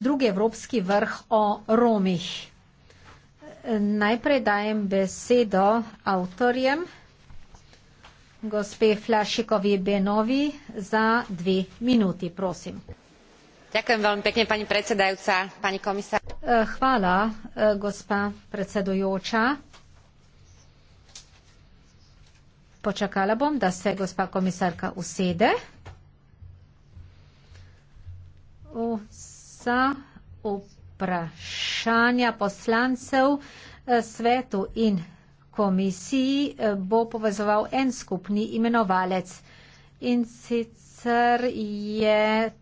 drugi evropski vrh o Romih. Najprej dajem besedo avtorjem, gospe Flašikovi Benovi, za dve minuti, prosim. Veľmi pekne, pani predsedajúca, pani komisár. Eh, hvala, eh, gospa predsedujoča. Počakala bom, da se gospa komisarka usede za vprašanja poslancev eh, svetu in komisiji eh, bo povezoval en skupni imenovalec. In sicer je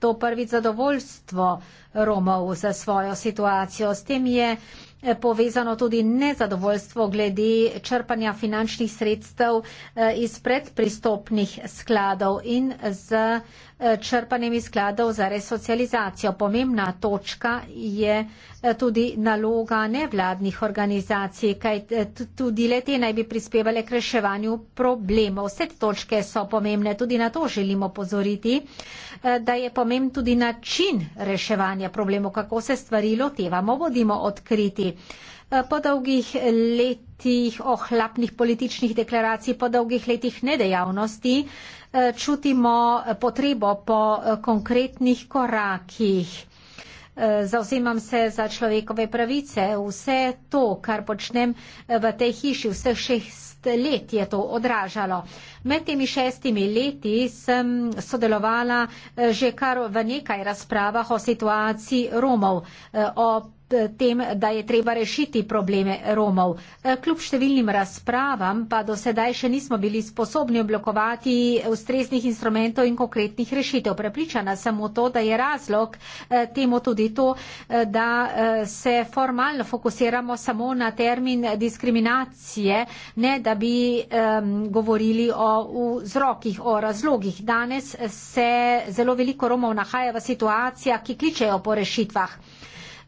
to prvi zadovoljstvo Romov za svojo situacijo. S tem je eh, povezano tudi nezadovoljstvo glede črpanja finančnih sredstev iz predpristopnih skladov in z črpanjem iz skladov za resocializacijo. Pomembna točka je eh, tudi naloga nevladnih organizacij, kaj tudi lete naj bi prispevale k reševanju problemov. Vse te točke so pomembne, tudi na to želimo pozoriti, eh, da je pomemben tudi način reševanja problemov, kako se stvari lotevamo, bodimo odkriti. Eh, po dolgih letih ohlapnih političnih deklaracij, po dolgih letih nedejavnosti eh, čutimo potrebo po eh, konkretnih korakih. Zauzemam se za človekove pravice. Vse to, kar počnem v tej hiši, vseh šest let je to odražalo. Med temi šestimi leti sem sodelovala že kar v nekaj razpravah o situaciji Romov, o Eh, tem, da je treba rešiti probleme Romov. Eh, kljub številnim razpravam pa do sedaj še nismo bili sposobni oblikovati ustreznih instrumentov in konkretnih rešitev. Prepričana samo to, da je razlog eh, temu tudi to, da se formalno fokusiramo samo na termin diskriminacije, ne da bi um, govorili o vzrokih, o razlogih. Danes se zelo veliko Romov nahaja v situacijah, ki kličejo po rešitvah.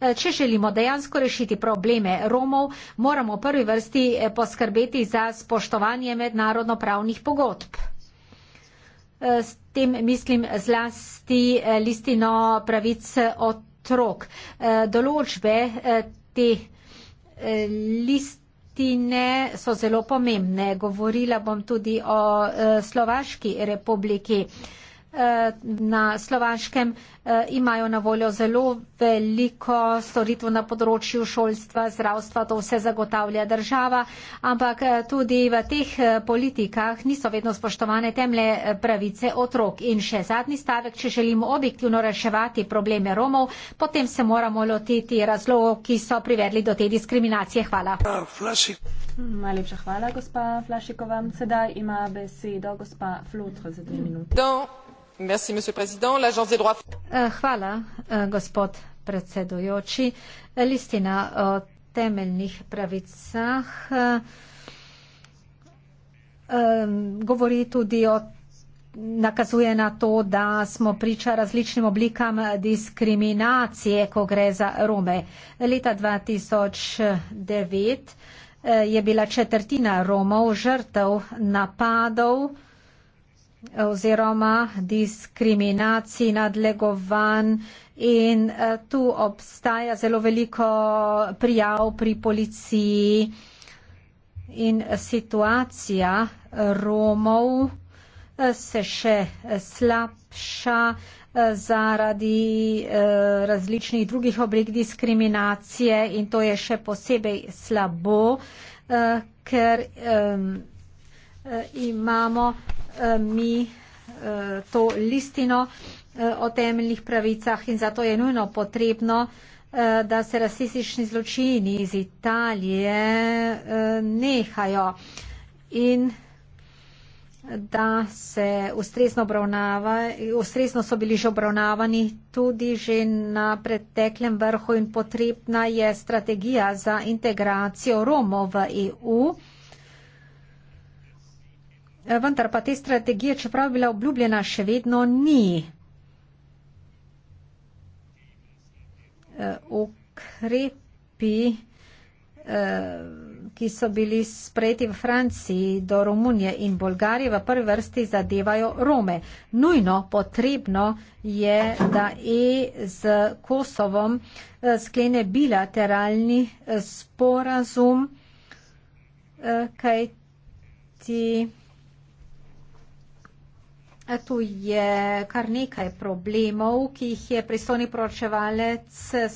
Eh, če želimo dejansko rešiti probleme Romov, moramo v prvi vrsti eh, poskrbeti za spoštovanje mednarodno pravnih pogodb. Eh, s tem mislim zlasti listino pravic otrok. Določbe te list Tine so zelo pomembne. Govorila bom tudi o Slovaški republiki. Eh, na slovaškem eh, imajo na voljo zelo veliko storitev na področju šolstva, zdravstva, to vse zagotavlja država, ampak eh, tudi v teh politikah niso vedno spoštovane temle pravice otrok. In še zadnji stavek, če želimo objektivno reševati probleme Romov, potem se moramo lotiti razlogov, ki so privedli do te diskriminacije. Hvala. Ja, Najlepša hvala, gospa Flašikova. Sedaj ima besedo gospa Flutra za tri minute. Eh, hvala, eh, gospod predsedujoči. Listina o temeljnih pravicah eh, govori tudi o, nakazuje na to, da smo priča različnim oblikam diskriminacije, ko gre za Rome. Leta 2009 je bila četrtina Romov žrtev napadov oziroma diskriminacij, nadlegovanj in eh, tu obstaja zelo veliko prijav pri policiji in situacija Romov eh, se še slabša eh, zaradi različnih drugih oblik diskriminacije in to je še posebej slabo, ker imamo Eh, mi eh, to listino eh, o temeljnih pravicah in zato je nujno potrebno, da se rasistični zločini iz Italije nehajo in da se ustrezno obravnava, ustrezno so bili že obravnavani tudi že na preteklem vrhu in potrebna je strategija za integracijo Romov v EU. Eh, vendar pa te strategije, čeprav bila obljubljena, še vedno ni. Eh, ukrepi, eh, ki so bili sprejeti v Franciji do Romunije in Bolgarije, v prvi vrsti zadevajo Rome. Nujno potrebno je, da E z Kosovom sklene bilateralni sporazum, kaj ti. Tu je kar nekaj problemov, ki jih je pristojni poročevalec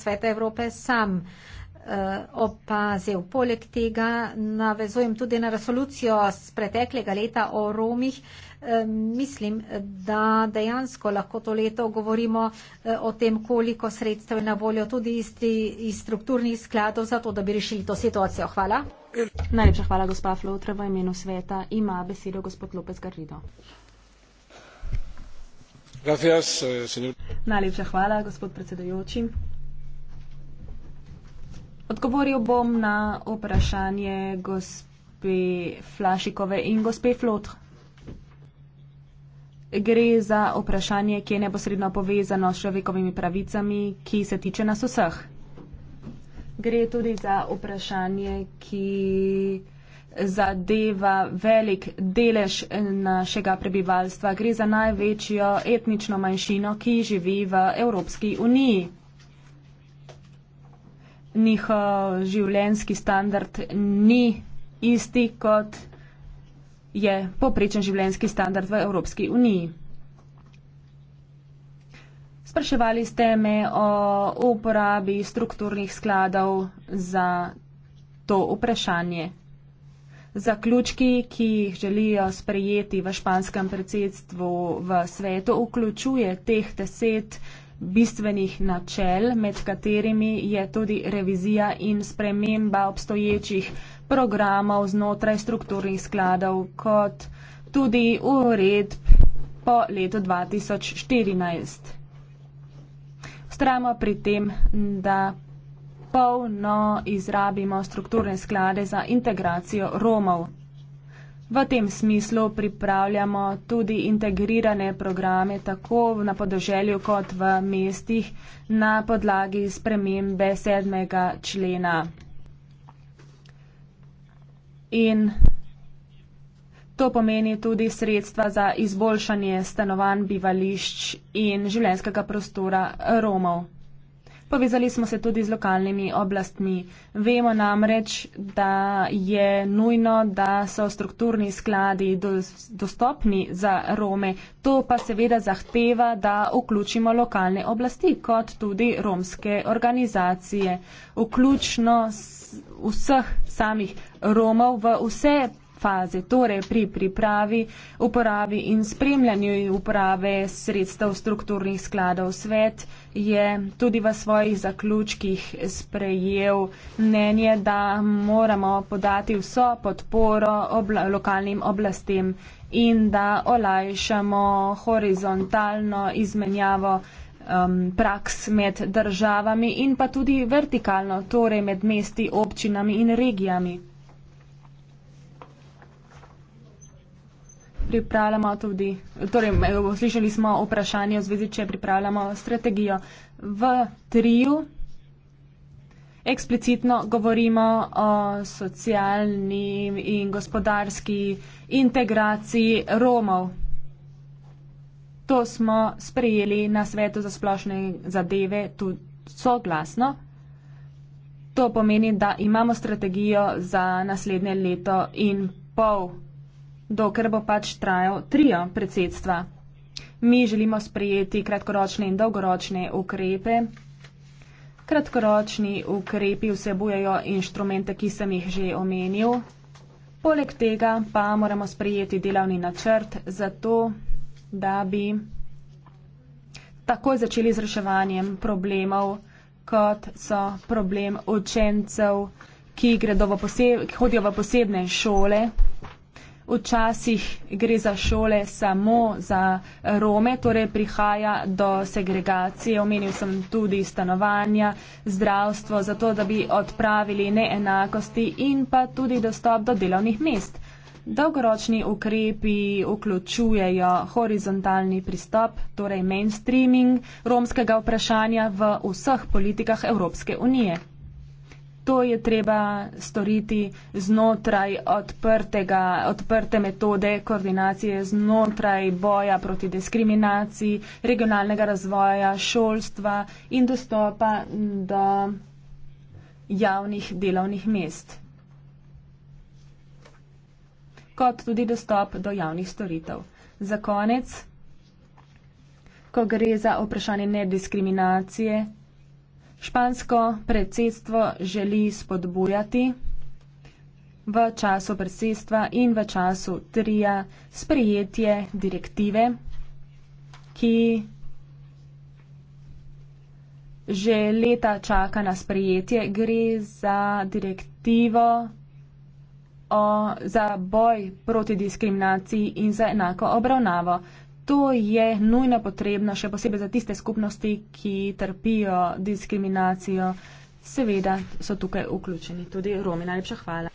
Sveta Evrope sam eh, opazil. Poleg tega navezujem tudi na resolucijo z preteklega leta o Romih. Eh, mislim, da dejansko lahko to leto govorimo eh, o tem, koliko sredstev je na voljo tudi iz, iz strukturnih skladov za to, da bi rešili to situacijo. Hvala. Najlepša hvala, gospa Flotreva, imenu sveta. Ima besedo gospod Lopez Garrido. Gracias, eh, señor. Najlepša hvala, gospod predsedujoči. Odgovoril bom na vprašanje gospe Flašikove in gospe Flot. Gre za vprašanje, ki je neposredno povezano s človekovimi pravicami, ki se tiče nas vseh. Gre tudi za vprašanje, ki zadeva velik delež našega prebivalstva. Gre za največjo etnično manjšino, ki živi v Evropski uniji. Njihov eh, življenski standard ni isti, kot je poprečen življenski standard v Evropski uniji. Spraševali ste me o uporabi strukturnih skladov za to vprašanje. Zaključki, ki jih želijo sprejeti v španskem predsedstvu v svetu, vključuje teh deset bistvenih načel, med katerimi je tudi revizija in sprememba obstoječih programov znotraj strukturnih skladov, kot tudi uredb po letu 2014. Vztrajamo pri tem, da polno izrabimo strukturne sklade za integracijo Romov. V tem smislu pripravljamo tudi integrirane programe tako na podeželju kot v mestih na podlagi spremembe sedmega člena. In to pomeni tudi sredstva za izboljšanje stanovanj, bivališč in življenskega prostora Romov. Povezali smo se tudi z lokalnimi oblastmi. Vemo namreč, da je nujno, da so strukturni skladi do, dostopni za Rome. To pa seveda zahteva, da vključimo lokalne oblasti, kot tudi romske organizacije, vključno vseh samih Romov v vse faze, torej pri pripravi, uporabi in spremljanju uporabe sredstev strukturnih skladov svet, je tudi v svojih zaključkih sprejel mnenje, da moramo podati vso podporo obla lokalnim oblastem in da olajšamo horizontalno izmenjavo um, praks med državami in pa tudi vertikalno, torej med mesti, občinami in regijami. pripravljamo tudi, torej slišali smo vprašanje v zvezi, če pripravljamo strategijo. V triju eksplicitno govorimo o socialni in gospodarski integraciji Romov. To smo sprejeli na svetu za splošne zadeve tudi soglasno. To pomeni, da imamo strategijo za naslednje leto in pol dokler bo pač trajal trio predsedstva. Mi želimo sprejeti kratkoročne in dolgoročne ukrepe. Kratkoročni ukrepi vsebujejo inštrumente, ki sem jih že omenil. Poleg tega pa moramo sprejeti delavni načrt za to, da bi takoj začeli z reševanjem problemov, kot so problem učencev, ki, v posebne, ki hodijo v posebne šole. Včasih gre za šole samo za Rome, torej prihaja do segregacije. Omenil sem tudi stanovanja, zdravstvo, zato da bi odpravili neenakosti in pa tudi dostop do delovnih mest. Dolgoročni ukrepi vključujejo horizontalni pristop, torej mainstreaming romskega vprašanja v vseh politikah Evropske unije to je treba storiti znotraj odprtega, odprte metode koordinacije, znotraj boja proti diskriminaciji, regionalnega razvoja, šolstva in dostopa do javnih delovnih mest. Kot tudi dostop do javnih storitev. Za konec. Ko gre za vprašanje nediskriminacije, Špansko predsedstvo želi spodbujati v času predsedstva in v času trija sprejetje direktive, ki že leta čaka na sprejetje. Gre za direktivo o, za boj proti diskriminaciji in za enako obravnavo to je nujno potrebno, še posebej za tiste skupnosti, ki trpijo diskriminacijo. Seveda so tukaj vključeni tudi Romi. Najlepša hvala.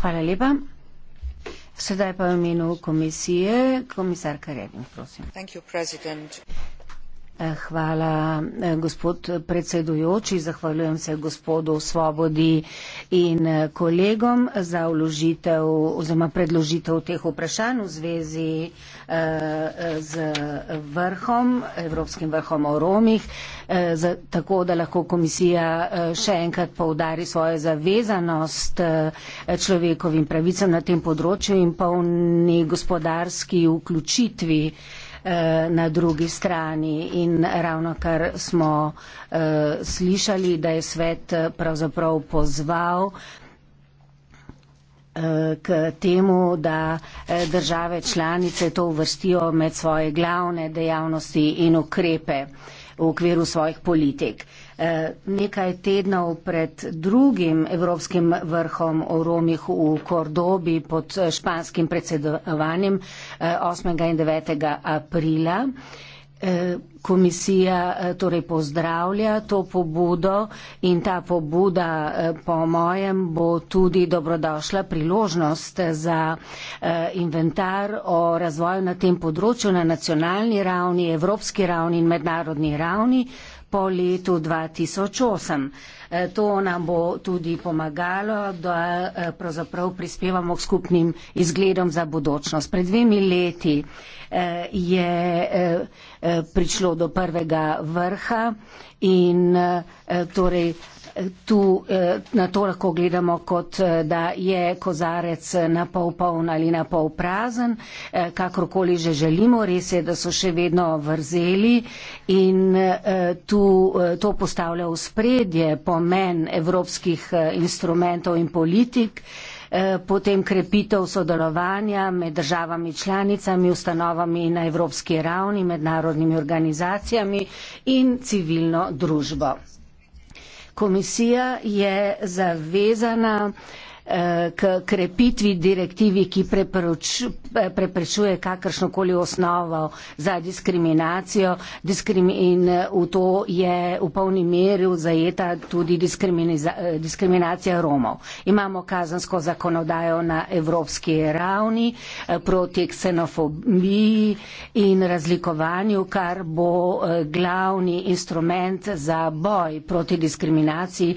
Hvala lepa. Sedaj pa v imenu komisije, komisarka Rebin, prosim. Hvala, eh, gospod predsedujoči. Zahvaljujem se gospodu Svobodi in eh, kolegom za uložitev oziroma predložitev teh vprašanj v zvezi eh, z vrhom, Evropskim vrhom o Romih, tako da lahko komisija še enkrat povdari svojo zavezanost človekovim pravicam na tem področju in polni gospodarski vključitvi Eh, na drugi strani. In ravno kar smo eh, slišali, da je svet eh, pravzaprav pozval k temu, da države članice to uvrstijo med svoje glavne dejavnosti in ukrepe v okviru svojih politik. Eh, nekaj tednov pred drugim evropskim vrhom o Romih v Kordobi pod eh, španskim predsedovanjem 8. Eh, in 9. aprila. Komisija torej pozdravlja to pobudo in ta pobuda po mojem bo tudi dobrodošla priložnost za inventar o razvoju na tem področju na nacionalni ravni, evropski ravni in mednarodni ravni po letu 2008. E, to nam bo tudi pomagalo, da e, pravzaprav prispevamo k skupnim izgledom za budočnost. Pred dvemi leti e, je prišlo do prvega vrha in torej tu, eh, na to lahko gledamo, kot eh, da je kozarec eh, na pol poln ali na pol prazen, kakorkoli že želimo. Res je, da so še vedno vrzeli in tu to postavlja v spredje pomen evropskih instrumentov in politik potem krepitev sodelovanja med državami članicami, ustanovami na evropski ravni, mednarodnimi organizacijami in civilno družbo. Komisija je zavezana k krepitvi direktivi, ki preprečuje kakršnokoli osnovo za diskriminacijo diskrimi in eh, v to je v polni meri zajeta tudi eh, diskriminacija Romov. Imamo kazansko zakonodajo na evropski ravni eh, proti ksenofobiji in razlikovanju, kar bo glavni instrument za boj proti diskriminaciji,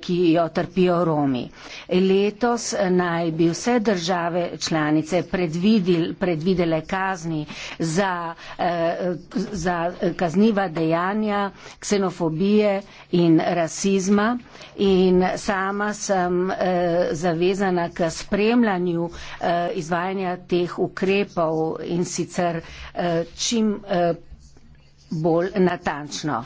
ki jo trpijo Romi. Leta letos eh, naj bi vse države članice predvidil, predvidele kazni za, eh, za eh, kazniva dejanja ksenofobije in rasizma. In sama sem eh, zavezana k spremljanju eh, izvajanja teh ukrepov in sicer eh, čim eh, bolj natančno.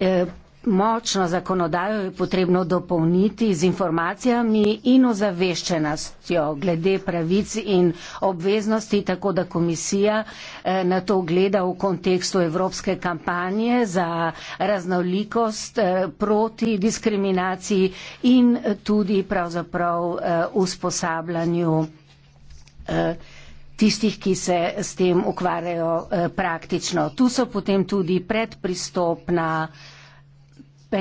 Eh, močno zakonodajo je potrebno dopolniti z informacijami in ozaveščenostjo glede pravic in obveznosti, tako da komisija eh, na to gleda v kontekstu evropske kampanje za raznolikost eh, proti diskriminaciji in tudi pravzaprav eh, usposabljanju tistih, ki se s tem ukvarjajo praktično. Tu so potem tudi predpristopna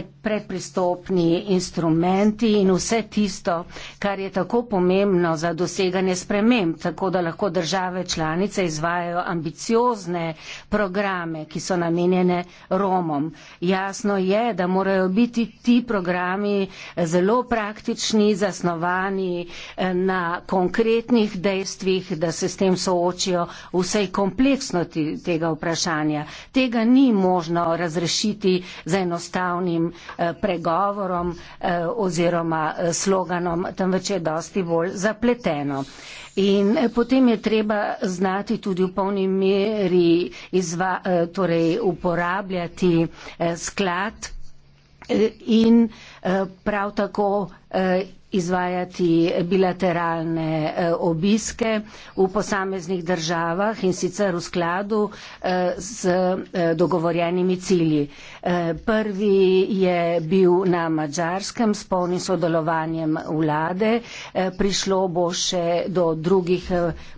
predpristopni instrumenti in vse tisto, kar je tako pomembno za doseganje sprememb, tako da lahko države članice izvajajo ambiciozne programe, ki so namenjene Romom. Jasno je, da morajo biti ti programi zelo praktični, zasnovani eh, na konkretnih dejstvih, da se s tem soočijo vsej kompleksnosti tega vprašanja. Tega ni možno razrešiti z enostavnim nekim eh, pregovorom eh, oziroma eh, sloganom, temveč je dosti bolj zapleteno. In potem je treba znati tudi v polni meri izva, torej uporabljati sklad in prav tako izvajati bilateralne eh, obiske v posameznih državah in sicer v skladu eh, z eh, dogovorjenimi cilji. Prvi je bil na Mačarskem s polnim sodelovanjem vlade, prišlo bo še do drugih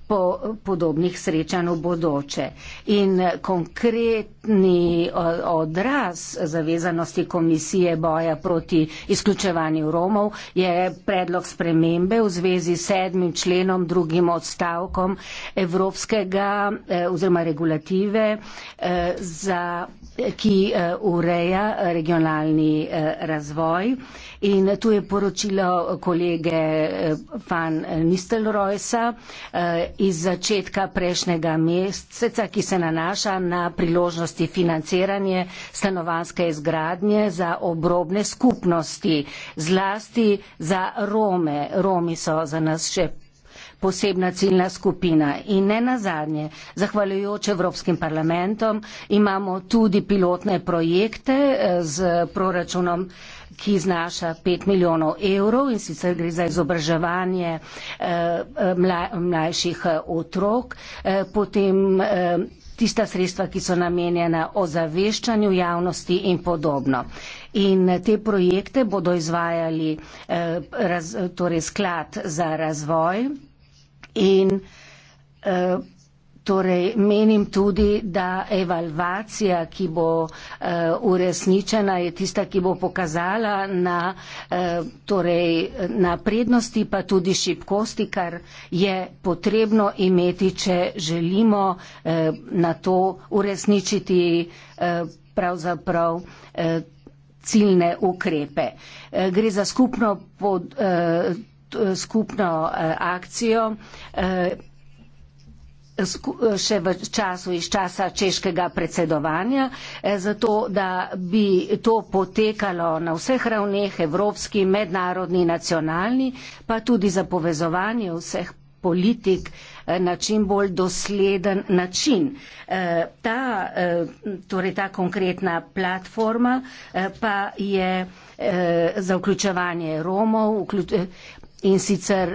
po podobnih srečanj v bodoče. In konkretni odraz zavezanosti komisije boja proti izključevanju Romov je predlog spremembe v zvezi s sedmim členom, drugim odstavkom evropskega eh, oziroma regulative, eh, za, ki eh, ureja regionalni razvoj. In tu je poročilo kolege van Nistelrojsa iz začetka prejšnjega meseca, ki se nanaša na priložnosti financiranje stanovanske izgradnje za obrobne skupnosti, zlasti za Rome. Romi so za nas še posebna ciljna skupina. In ne nazadnje, zahvaljujoč Evropskim parlamentom imamo tudi pilotne projekte eh, z proračunom ki znaša 5 milijonov evrov in sicer gre za izobraževanje eh, eh mla, mlajših eh, otrok, eh, potem eh, tista sredstva, ki so namenjena ozaveščanju javnosti in podobno. In te projekte bodo izvajali eh, raz, torej sklad za razvoj in eh, Torej, menim tudi, da evalvacija, ki bo uh, uresničena, je tista, ki bo pokazala na, uh, torej, na prednosti, pa tudi šibkosti, kar je potrebno imeti, če želimo uh, na to uresničiti uh, pravzaprav. Uh, ciljne ukrepe. Gre za skupno, pod, skupno akcijo, Eh, še v času iz časa češkega predsedovanja, eh, zato da bi to potekalo na vseh ravneh, evropski, mednarodni, nacionalni, pa tudi za povezovanje vseh politik eh, na čim bolj dosleden način. Ta, torej ta konkretna platforma pa je za vključevanje Romov, vključ, in sicer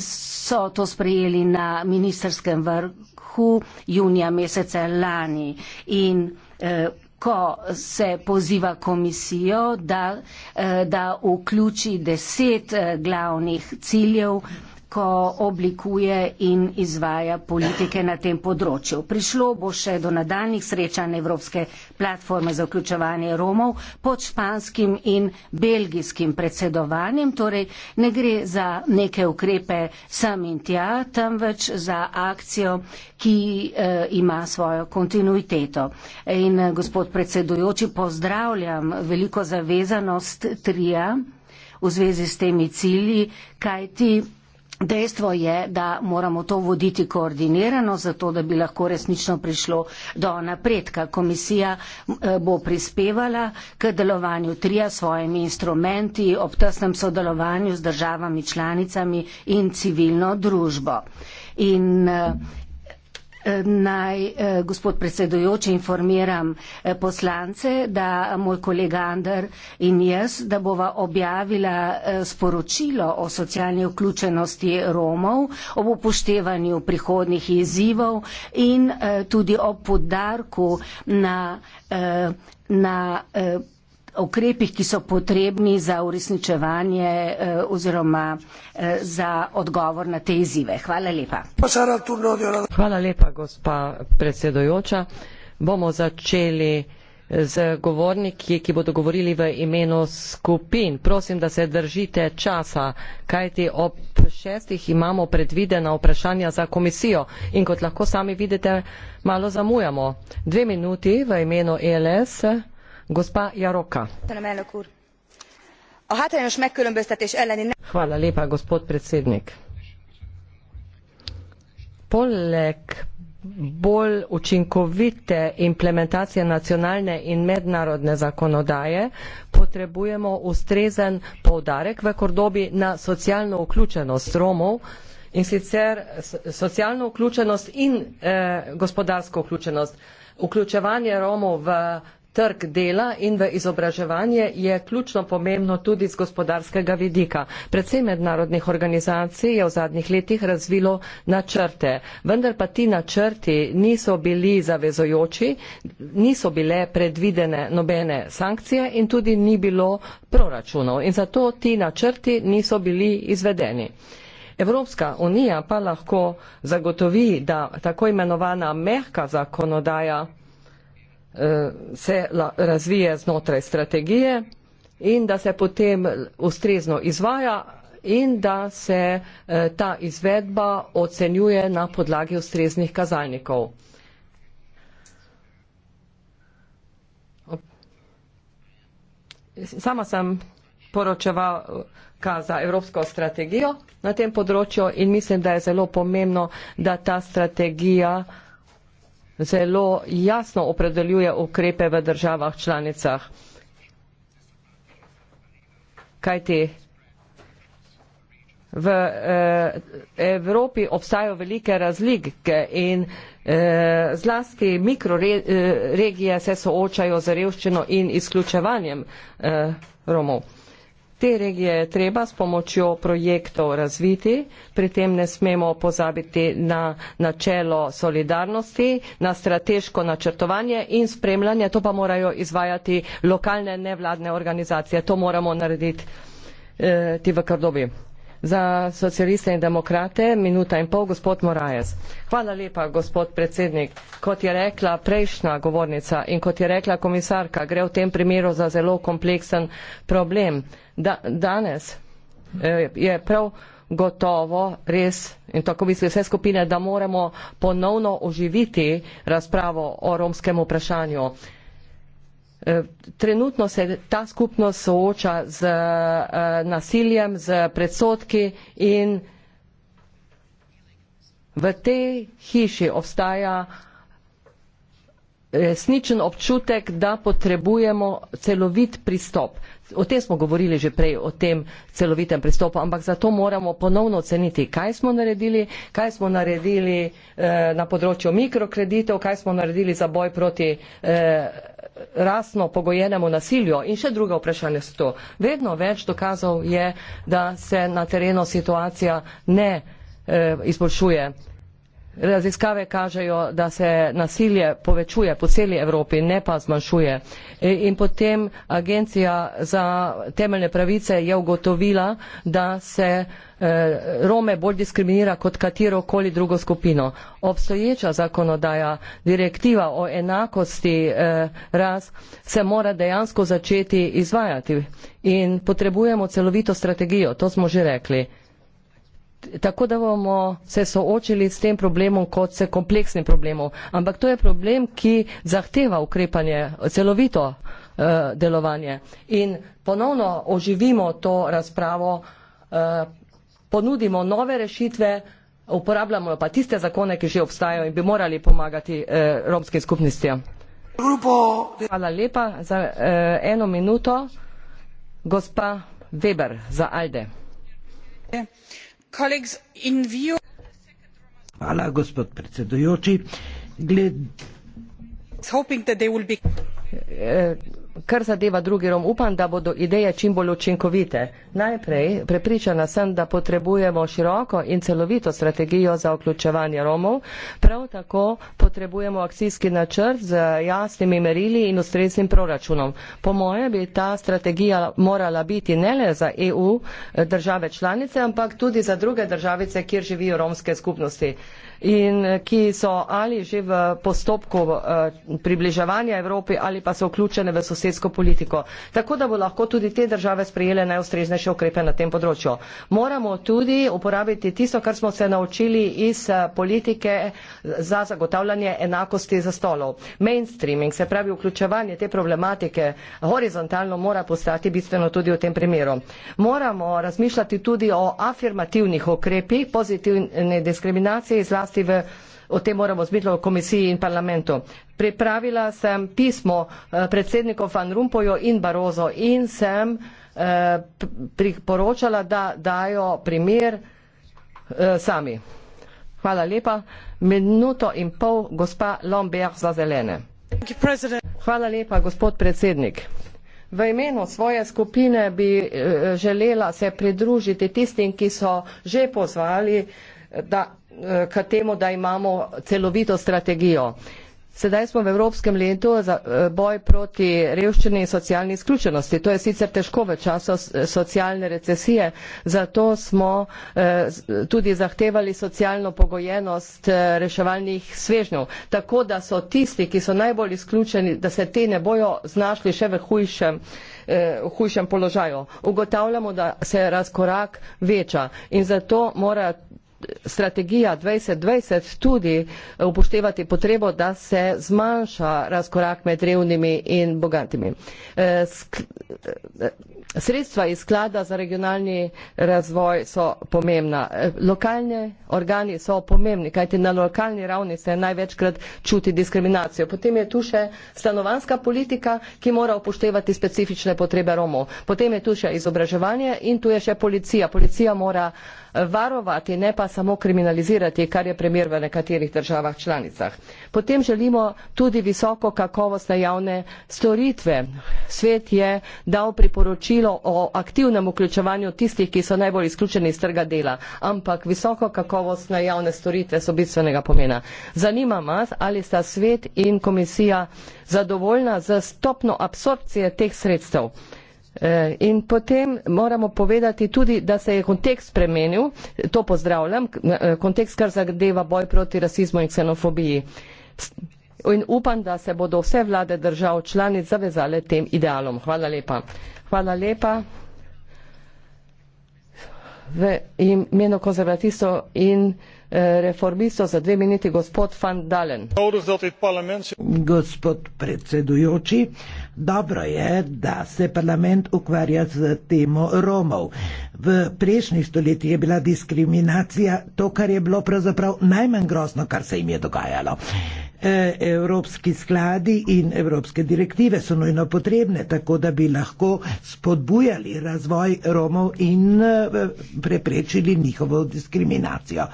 so to sprejeli na ministerskem vrhu junija meseca lani. In, eh, ko se poziva komisijo, da, eh, da vključi deset eh, glavnih ciljev, ko oblikuje in izvaja politike na tem področju. Prišlo bo še do nadaljnih srečanj Evropske platforme za vključevanje Romov pod španskim in belgijskim predsedovanjem, torej ne gre za neke ukrepe sam in tja, temveč za akcijo, ki e, ima svojo kontinuiteto. In eh, gospod predsedujoči, pozdravljam veliko zavezanost trija v zvezi s temi cilji, kaj ti Dejstvo je, da moramo to voditi koordinirano, zato da bi lahko resnično prišlo do napredka. Komisija eh, bo prispevala k delovanju trija svojimi instrumenti ob tesnem sodelovanju z državami članicami in civilno družbo. In, uh, Naj eh, gospod predsedujoči informiram eh, poslance, da moj kolega Andr in jaz, da bova objavila eh, sporočilo o socialni vključenosti Romov ob upoštevanju prihodnih izzivov in tudi ob podarku na, na ukrepih, ki so potrebni za uresničevanje eh, oziroma eh, za odgovor na te izzive. Hvala lepa. Hvala lepa, gospa predsedojoča. Bomo začeli eh, z govorniki, ki bodo govorili v imenu skupin. Prosim, da se držite časa, kajti ob šestih imamo predvidena vprašanja za komisijo in kot lahko sami vidite, malo zamujamo. Dve minuti v imenu ELS poleg bolj učinkovite implementacije nacionalne in mednarodne zakonodaje potrebujemo ustrezen poudarek v kordobi na socialno vključenost romov in sicer socialno vključenost in eh, gospodarsko vključenost vključevanje romov v trg dela in v izobraževanje je ključno pomembno tudi z gospodarskega vidika. Predvsej mednarodnih organizacij je v zadnjih letih razvilo načrte, vendar pa ti načrti niso bili zavezojoči, niso bile predvidene nobene sankcije in tudi ni bilo proračunov in zato ti načrti niso bili izvedeni. Evropska unija pa lahko zagotovi, da tako imenovana mehka zakonodaja Eh, se razvije znotraj strategije in da se potem ustrezno izvaja in da se eh, ta izvedba ocenjuje na podlagi ustreznih kazalnikov. Sama sem poročevalka za evropsko strategijo na tem področju in mislim, da je zelo pomembno, da ta strategija zelo jasno opredeljuje ukrepe v državah članicah. Kaj ti? V eh, Evropi obstajajo velike razlike in eh, zlasti mikroregije se soočajo z revščino in izključevanjem eh, Romov. Te regije je treba s pomočjo projektov razviti, pri tem ne smemo pozabiti na načelo solidarnosti, na strateško načrtovanje in spremljanje, to pa morajo izvajati lokalne nevladne organizacije, to moramo narediti eh, ti v Kardobi za socialiste in demokrate, minuta in pol, gospod Morajez. Hvala lepa, gospod predsednik. Kot je rekla prejšnja govornica in kot je rekla komisarka, gre v tem primeru za zelo kompleksen problem. Da, danes eh, je prav gotovo res in tako misli vse skupine, da moramo ponovno oživiti razpravo o romskem vprašanju. Eh, trenutno se ta skupnost sooča z eh, nasiljem, z predsotki in v tej hiši obstaja eh, resničen občutek, da potrebujemo celovit pristop. O tem smo govorili že prej, o tem celovitem pristopu, ampak zato moramo ponovno oceniti, kaj smo naredili, kaj smo naredili eh, na področju mikrokreditov, kaj smo naredili za boj proti eh, rasno pogojenemu nasilju in še druga vprašanja so to. Vedno več dokazov je, da se na terenu situacija ne eh, izboljšuje. Raziskave kažejo, da se nasilje povečuje po celi Evropi, ne pa zmanjšuje. E, in potem Agencija za temeljne pravice je ugotovila, da se e, Rome bolj diskriminira kot katero koli drugo skupino. Obstoječa zakonodaja, direktiva o enakosti eh, raz se mora dejansko začeti izvajati in potrebujemo celovito strategijo, to smo že rekli tako da bomo se soočili s tem problemom kot se kompleksnim problemom. Ampak to je problem, ki zahteva ukrepanje, celovito uh, delovanje. In ponovno oživimo to razpravo, uh, ponudimo nove rešitve, uporabljamo pa tiste zakone, ki že obstajajo in bi morali pomagati uh, romskim skupnostjam. Hvala lepa za uh, eno minuto. Gospa Weber za Alde. Yeah. Hvala, gospod predsedujoči. Kar zadeva drugi rom, upam, da bodo ideje čim bolj učinkovite. Najprej prepričana sem, da potrebujemo široko in celovito strategijo za vključevanje Romov. Prav tako potrebujemo akcijski načrt z jasnimi merili in ustreznim proračunom. Po moje bi ta strategija morala biti ne le za EU eh, države članice, ampak tudi za druge državice, kjer živijo romske skupnosti in eh, ki so ali že v postopku eh, približevanja Evropi ali pa so vključene v sosedstvo sosedsko politiko, tako da bo lahko tudi te države sprejele najustreznejše ukrepe na tem področju. Moramo tudi uporabiti tisto, kar smo se naučili iz eh, politike eh, za zagotavljanje enakosti za stolov. Mainstreaming, se pravi vključevanje te problematike horizontalno mora postati bistveno tudi v tem primeru. Moramo razmišljati tudi o afirmativnih ukrepih, pozitivne diskriminacije, zlasti v o tem moramo zmetlo v komisiji in parlamentu. Pripravila sem pismo eh, predsednikov Van Rumpojo in Barozo in sem eh, priporočala, da dajo primer eh, sami. Hvala lepa. Minuto in pol gospa Lomberg za zelene. Hvala lepa, gospod predsednik. V imenu svoje skupine bi želela se pridružiti tistim, ki so že pozvali, da Eh, k temu, da imamo celovito strategijo. Sedaj smo v Evropskem letu za eh, boj proti revščini in socialni izključenosti. To je sicer težko v času eh, socialne recesije, zato smo tudi zahtevali socialno pogojenost reševalnih svežnjev. Tako da so tisti, ki so najbolj izključeni, da se te ne bojo znašli še v hujšem, v hujšem položaju. Ugotavljamo, da se razkorak veča in zato morajo strategija 2020 tudi upoštevati potrebo, da se zmanjša razkorak med revnimi in bogatimi. E, e, sredstva iz sklada za regionalni razvoj so pomembna. E, lokalni organi so pomembni, kajti na lokalni ravni se največkrat čuti diskriminacijo. Potem je tu še stanovanska politika, ki mora upoštevati specifične potrebe Romov. Potem je tu še izobraževanje in tu je še policija. policija mora, uh, varovati, ne pa samo kriminalizirati, kar je primer v nekaterih državah članicah. Potem želimo tudi visoko kakovostne javne storitve. Svet je dal priporočilo o aktivnem vključevanju tistih, ki so najbolj izključeni iz trga dela, ampak visoko kakovostne javne storitve so bistvenega pomena. Zanima vas, ali sta svet in komisija zadovoljna z stopno absorpcije teh sredstev. Eh, in potem moramo povedati tudi, da se je kontekst spremenil, to pozdravljam, eh, kontekst, kar zadeva boj proti rasizmu in ksenofobiji. In upam, da se bodo vse vlade držav članic zavezale tem idealom. Hvala lepa. Hvala lepa v imenu konzervativcev in eh, reformistov za dve minuti gospod Van Dalen. Gospod predsedujoči, dobro je, da se parlament ukvarja z temo Romov. V prejšnjih stoletjih je bila diskriminacija to, kar je bilo pravzaprav najmanj grozno, kar se jim je dogajalo evropski skladi in evropske direktive so nujno potrebne, tako da bi lahko spodbujali razvoj Romov in eh, preprečili njihovo diskriminacijo.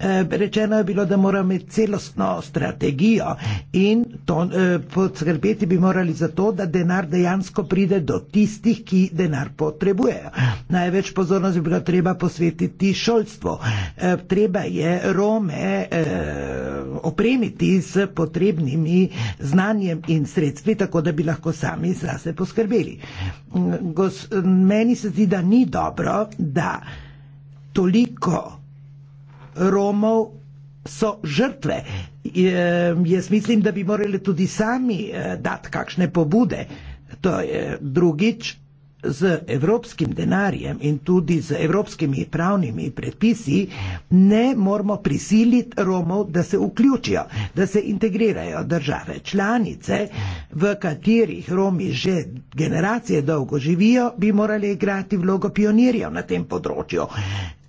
Eh, rečeno je bilo, da moramo imeti celostno strategijo in to, eh, podskrbeti bi morali za to, da denar dejansko pride do tistih, ki denar potrebujejo. Največ pozornosti bi bilo treba posvetiti šolstvu. Treba je Rome opremiti z potrebnimi znanjem in sredstvi, tako da bi lahko sami zase poskrbeli. Mm, gos, meni se zdi, da ni dobro, da toliko Romov so žrtve. Jaz mislim, da bi morali tudi sami eh, dati kakšne pobude. To je drugič, z evropskim denarjem in tudi z evropskimi pravnimi predpisi ne moramo prisiliti Romov, da se vključijo, da se integrirajo države članice, v katerih Romi že generacije dolgo živijo, bi morali igrati vlogo pionirjev na tem področju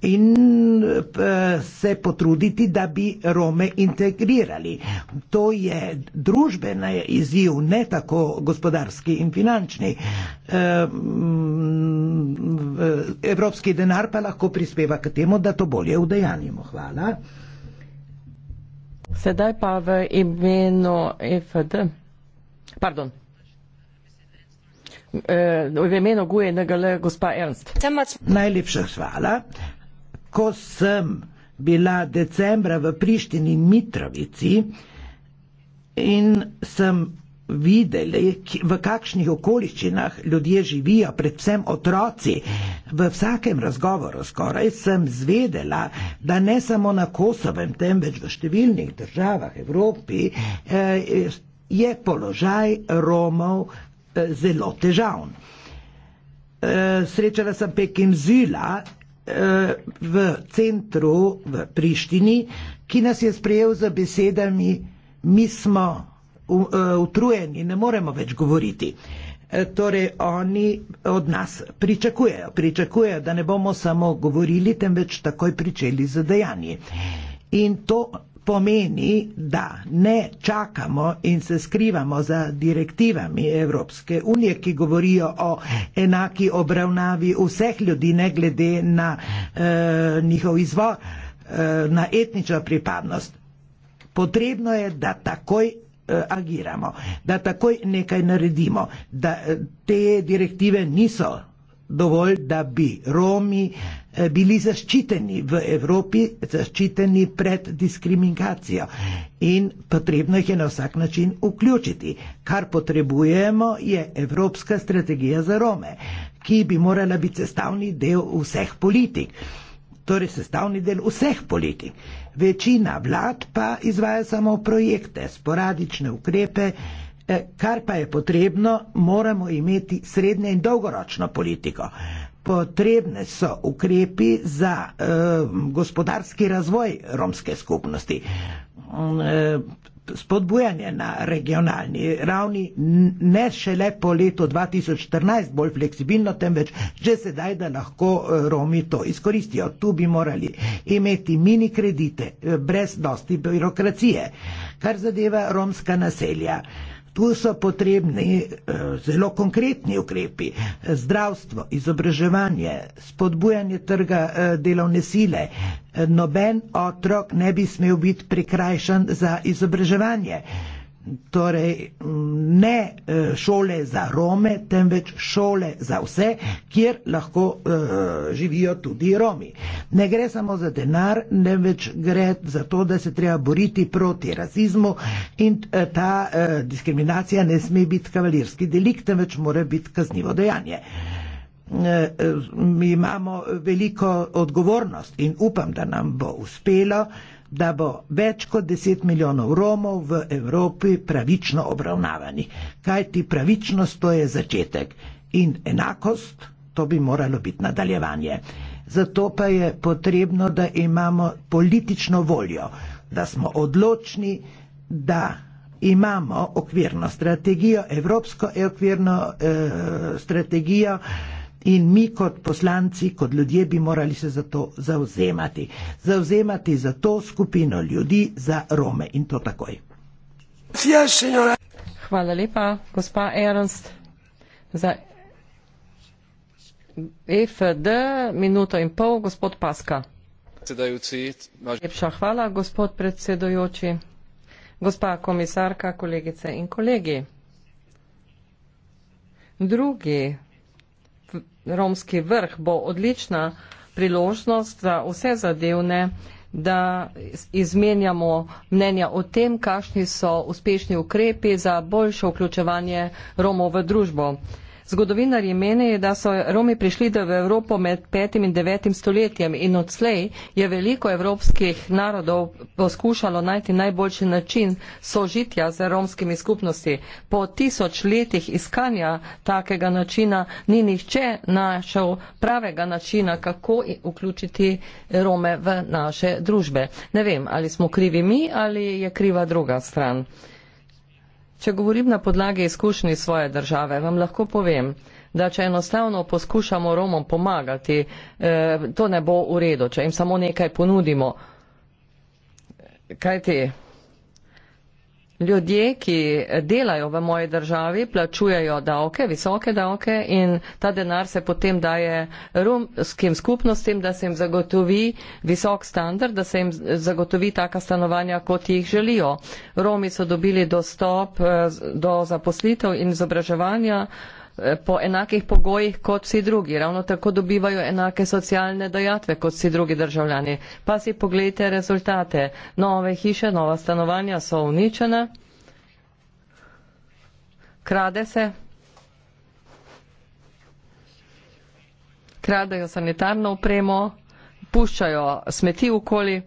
in eh, se potruditi, da bi Rome integrirali. To je družbeni izziv, ne tako gospodarski in finančni. Eh, mm, evropski denar pa lahko prispeva k temu, da to bolje udejanimo. Hvala. Sedaj pa v imenu FD. Pardon. Eh, v imenu Gujenega le gospa Ernst. Najlepša hvala ko sem bila decembra v Prištini Mitrovici in sem videli, v kakšnih okoliščinah ljudje živijo, predvsem otroci. V vsakem razgovoru skoraj sem zvedela, da ne samo na Kosovem, temveč v številnih državah Evropi eh, je položaj Romov eh, zelo težavn. Eh, srečala sem Pekin Zila, Eh, v centru v Prištini, ki nas je sprejel z besedami, mi smo eh, utrujeni, ne moremo več govoriti. Eh, torej, oni od nas pričakujejo, pričakujejo, da ne bomo samo govorili, temveč takoj pričeli z dejanji. In to pomeni, da ne čakamo in se skrivamo za direktivami Evropske unije, ki govorijo o enaki obravnavi vseh ljudi, ne glede na eh, njihov izvor, eh, na etnično pripadnost. Potrebno je, da takoj eh, agiramo, da takoj nekaj naredimo, da eh, te direktive niso dovolj, da bi Romi eh, Eh, bili zaščiteni v Evropi, zaščiteni pred diskriminacijo in potrebno jih je na vsak način vključiti. Kar potrebujemo je Evropska strategija za Rome, ki bi morala biti sestavni del vseh politik. Torej, sestavni del vseh politik. Večina vlad pa izvaja samo projekte, sporadične ukrepe, eh, kar pa je potrebno, moramo imeti srednje in dolgoročno politiko. Potrebne so ukrepi za e, gospodarski razvoj romske skupnosti, e, spodbujanje na regionalni ravni, ne šele po letu 2014, bolj fleksibilno, temveč že sedaj, da lahko eh, Romi to izkoristijo. Tu bi morali imeti mini kredite brez dosti birokracije, kar zadeva romska naselja. E, Tu so potrebni eh, zelo konkretni ukrepi, zdravstvo, izobraževanje, spodbujanje trga eh, delovne sile. Noben otrok ne bi smel biti prikrajšan za izobraževanje torej ne eh, šole za Rome, temveč šole za vse, kjer lahko e, živijo tudi Romi. Ne gre samo za denar, temveč gre za to, da se treba boriti proti rasizmu in eh, ta e, diskriminacija ne sme biti kavalirski delik, temveč mora biti kaznivo dejanje. Mi imamo veliko odgovornost in upam, da nam bo uspelo da bo več kot 10 milijonov Romov v Evropi pravično obravnavani. Kaj ti pravičnost to je začetek in enakost to bi moralo biti nadaljevanje. Zato pa je potrebno, da imamo politično voljo, da smo odločni, da imamo okvirno strategijo, evropsko e-, okvirno eh, strategijo, In mi kot poslanci, kot ljudje bi morali se za to zauzemati. Zauzemati za to skupino ljudi, za Rome in to takoj. Hvala lepa, gospa Ernst. Za e FD minuto in pol, gospod Paska. Lepša hvala, gospod predsedujoči. Gospa komisarka, kolegice in kolegi. Drugi romski vrh bo odlična priložnost za vse zadevne, da izmenjamo mnenja o tem, kakšni so uspešni ukrepi za boljše vključevanje Romov v družbo. Zgodovinarji menijo, da so Romi prišli v Evropo med 5. in 9. stoletjem in odslej je veliko evropskih narodov poskušalo najti najboljši način sožitja z romskimi skupnosti. Po tisoč letih iskanja takega načina ni nihče našel pravega načina, kako vključiti Rome v naše družbe. Ne vem, ali smo krivi mi ali je kriva druga stran. Če govorim na podlagi izkušnji svoje države, vam lahko povem, da če enostavno poskušamo Romom pomagati, eh, to ne bo v redu, če jim samo nekaj ponudimo. Kaj ti je? Ljudje, ki delajo v moji državi, plačujejo davke, visoke davke in ta denar se potem daje romskim skupnostim, da se jim zagotovi visok standard, da se jim zagotovi taka stanovanja, kot jih želijo. Romi so dobili dostop eh, do zaposlitev in izobraževanja. Eh, po enakih pogojih kot vsi drugi. Ravno tako dobivajo enake socialne dajatve kot vsi drugi državljani. Pa si pogledajte rezultate. Nove hiše, nova stanovanja so uničene. Krade se. Kradejo sanitarno opremo, puščajo smeti okoli.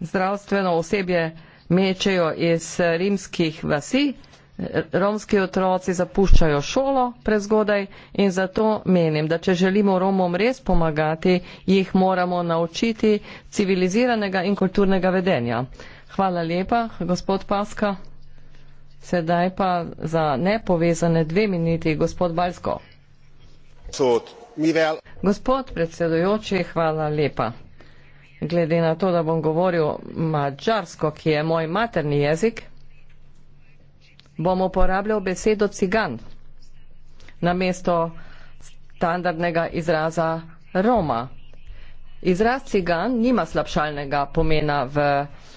Zdravstveno osebje mečejo iz rimskih vasi, romski otroci zapuščajo šolo prezgodaj in zato menim, da če želimo Romom res pomagati, jih moramo naučiti civiliziranega in kulturnega vedenja. Hvala lepa, gospod Paska. Sedaj pa za nepovezane dve minuti, gospod Balsko. Gospod predsedujoči, hvala lepa. Glede na to, da bom govoril mačarsko, ki je moj materni jezik, bom uporabljal besedo cigan namesto standardnega izraza Roma. Izraz cigan nima slabšalnega pomena v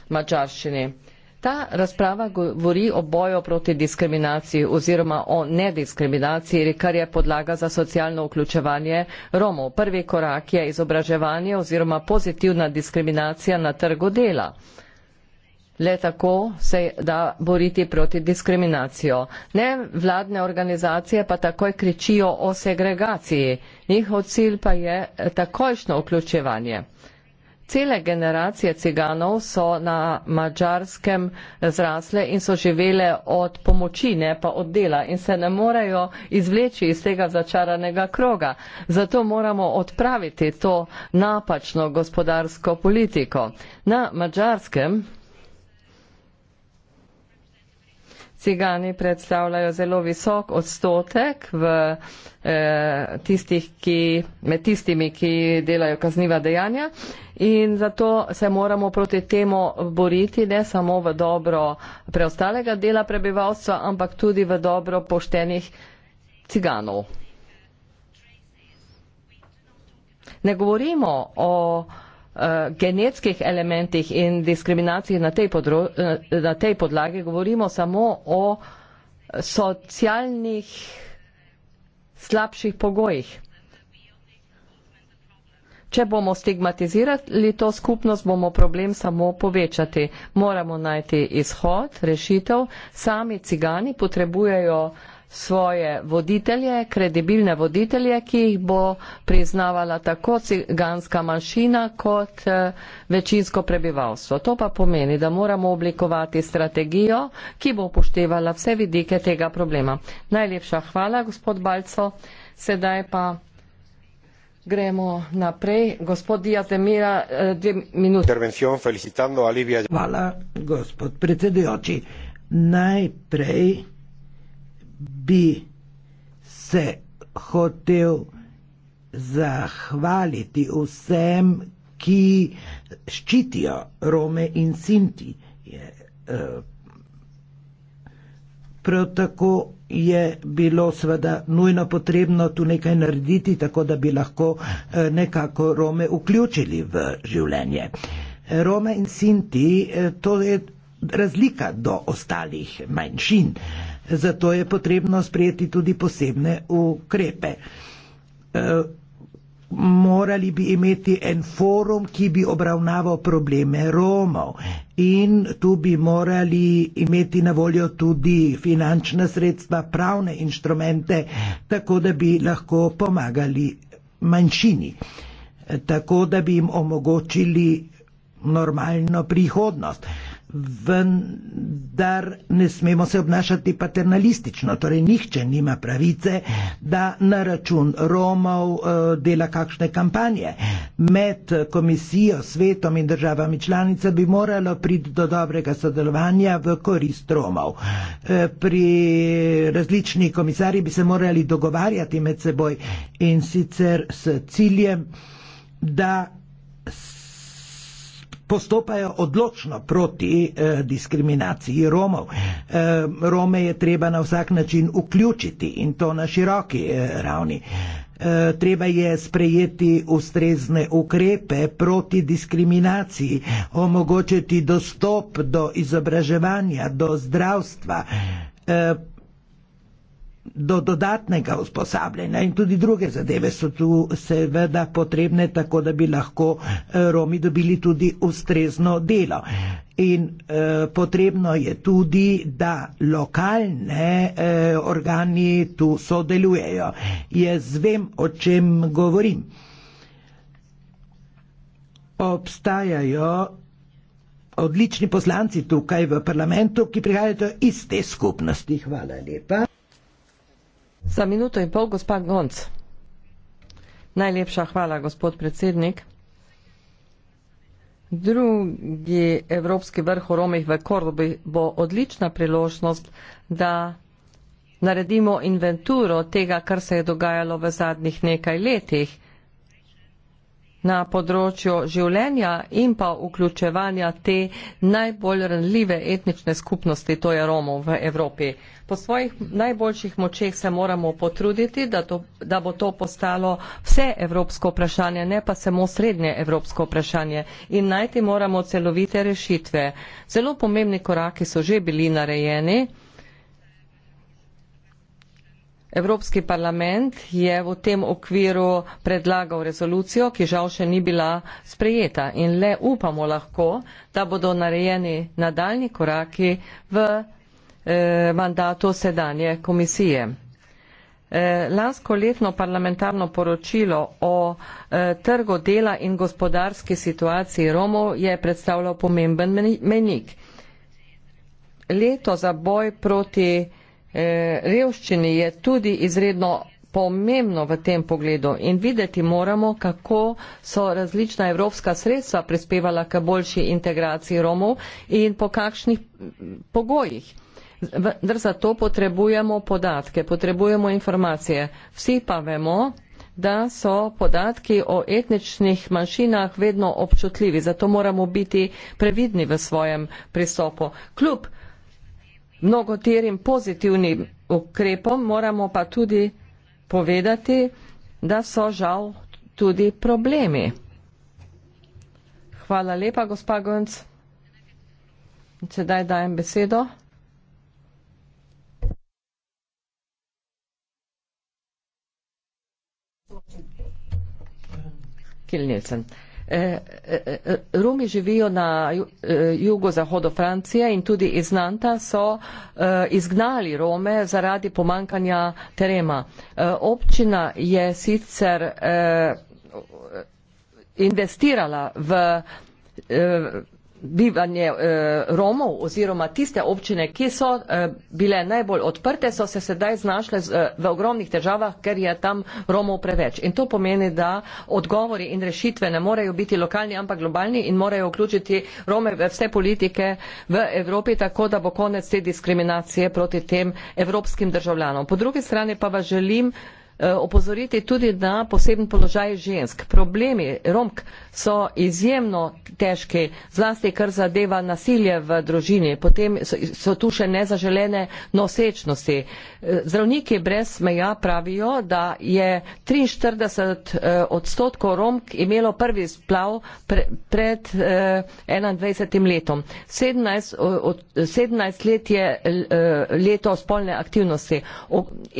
mačarščini. Uh, Ta razprava govori o boju proti diskriminaciji oziroma o nediskriminaciji, kar je podlaga za socialno vključevanje Romov. Prvi korak je izobraževanje oziroma pozitivna diskriminacija na trgu dela. Le tako se da boriti proti diskriminacijo. Ne vladne organizacije pa takoj kričijo o segregaciji. Njihov cilj pa je takojšno vključevanje. Cele generacije ciganov so na mačarskem zrasle in so živele od pomoči, ne pa od dela in se ne morejo izvleči iz tega začaranega kroga. Zato moramo odpraviti to napačno gospodarsko politiko. Na mačarskem cigani predstavljajo zelo visok odstotek v eh, tistih, ki, med tistimi, ki delajo kazniva dejanja in zato se moramo proti temu boriti ne samo v dobro preostalega dela prebivalstva, ampak tudi v dobro poštenih ciganov. Ne govorimo o Eh, genetskih elementih in diskriminaciji na tej, eh, na tej podlagi, govorimo samo o socialnih slabših pogojih. Če bomo stigmatizirali to skupnost, bomo problem samo povečati. Moramo najti izhod, rešitev. Sami cigani potrebujejo uh, svoje voditelje, kredibilne voditelje, ki jih bo priznavala tako ciganska manjšina kot eh, večinsko prebivalstvo. To pa pomeni, da moramo oblikovati strategijo, ki bo upoštevala vse vidike tega problema. Najlepša hvala, gospod Balco. Sedaj pa gremo naprej. Gospod Dijaz Demira, eh, dve minute. Hvala, gospod predsedujoči. Najprej bi se hotel zahvaliti vsem, ki ščitijo Rome in Sinti. Je, eh, prav tako je bilo seveda nujno potrebno tu nekaj narediti, tako da bi lahko eh, nekako Rome vključili v življenje. Rome in Sinti, eh, to je razlika do ostalih manjšin. Zato je potrebno sprejeti tudi posebne ukrepe. E, morali bi imeti en forum, ki bi obravnaval probleme Romov in tu bi morali imeti na voljo tudi finančna sredstva, pravne inštrumente, tako da bi lahko pomagali manjšini, e, tako da bi jim omogočili normalno prihodnost vendar ne smemo se obnašati paternalistično, torej nihče nima pravice, da na račun Romov eh, dela kakšne kampanje. Med komisijo, svetom in državami članica bi moralo priti do dobrega sodelovanja v korist Romov. Eh, pri različni komisari bi se morali dogovarjati med seboj in sicer s ciljem, da postopajo odločno proti eh, diskriminaciji Romov. Eh, Rome je treba na vsak način vključiti in to na široki eh, ravni. Eh, treba je sprejeti ustrezne ukrepe proti diskriminaciji, omogočiti dostop do izobraževanja, do zdravstva. Eh, do dodatnega usposabljanja in tudi druge zadeve so tu seveda potrebne, tako da bi lahko eh, Romi dobili tudi ustrezno delo. In e, potrebno je tudi, da lokalne e, organi tu sodelujejo. Jaz vem, o čem govorim. Obstajajo odlični poslanci tukaj v parlamentu, ki prihajajo iz te skupnosti. Hvala lepa. Za minuto in pol, gospa Gonc. Najlepša hvala, gospod predsednik. Drugi Evropski vrh o Romih v Kordobi bo odlična priložnost, da naredimo inventuro tega, kar se je dogajalo v zadnjih nekaj letih na področju življenja in pa vključevanja te najbolj ranljive etnične skupnosti, to je Romov v Evropi. Po svojih najboljših močeh se moramo potruditi, da, to, da bo to postalo vse evropsko vprašanje, ne pa samo srednje evropsko vprašanje in najti moramo celovite rešitve. Zelo pomembni koraki so že bili narejeni. Evropski parlament je v tem okviru predlagal rezolucijo, ki žal še ni bila sprejeta in le upamo lahko, da bodo narejeni nadaljni koraki v eh, mandatu sedanje komisije. Eh, lansko letno parlamentarno poročilo o eh, trgu dela in gospodarski situaciji Romov je predstavljal pomemben menik. Leto za boj proti Eh, revščini je tudi izredno pomembno v tem pogledu in videti moramo, kako so različna evropska sredstva prispevala k boljši integraciji Romov in po kakšnih mm, pogojih. Vendar za to potrebujemo podatke, potrebujemo informacije. Vsi pa vemo, da so podatki o etničnih manjšinah vedno občutljivi, zato moramo biti previdni v svojem pristopu. Kljub mnogoterim pozitivnim ukrepom, moramo pa tudi povedati, da so žal tudi problemi. Hvala lepa, gospa Gonc. Sedaj dajem besedo. Kilnilcem. Eh, eh, Romi živijo na eh, jugozahodu Francije in tudi iz Nanta so izgnali Rome zaradi pomankanja terema. Občina je sicer investirala v bivanje e, Romov oziroma tiste občine, ki so e, bile najbolj odprte, so se sedaj znašle z, e, v ogromnih težavah, ker je tam Romov preveč. In to pomeni, da odgovori in rešitve ne morejo biti lokalni, ampak globalni in morejo vključiti Rome v vse politike v Evropi, tako da bo konec te diskriminacije proti tem evropskim državljanom. Po drugi strani pa vas želim Eh, opozoriti tudi na poseben položaj žensk. Problemi Romk so izjemno težki, zlasti kar zadeva nasilje v družini, potem so, so tu še nezaželene nosečnosti. Eh, zdravniki brez meja pravijo, da je 43 eh, odstotkov Romk imelo prvi splav pre, pred 21 letom. 17, 17 let je leto spolne aktivnosti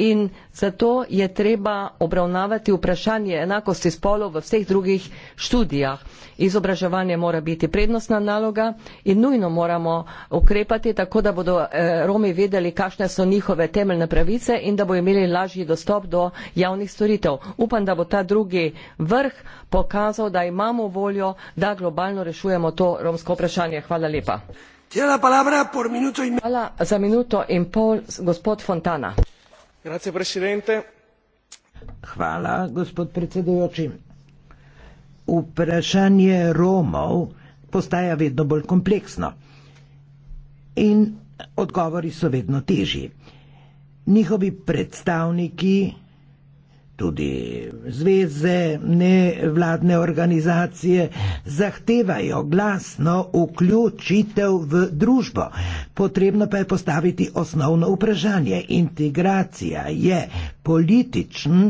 in zato je treba treba obravnavati vprašanje enakosti spolov v vseh drugih študijah. Izobraževanje mora biti prednostna naloga in nujno moramo ukrepati tako, da bodo eh, Romi vedeli, kakšne so njihove temeljne pravice in da bo imeli lažji dostop do javnih storitev. Upam, da bo ta drugi vrh pokazal, da imamo voljo, da globalno rešujemo to romsko vprašanje. Hvala lepa. Hvala za minuto in pol, gospod Fontana. Grazie, Hvala, gospod predsedujoči. Vprašanje Romov postaja vedno bolj kompleksno in odgovori so vedno težji. Njihovi predstavniki Tudi zveze, ne vladne organizacije zahtevajo glasno vključitev v družbo. Potrebno pa je postaviti osnovno vprašanje. Integracija je političen,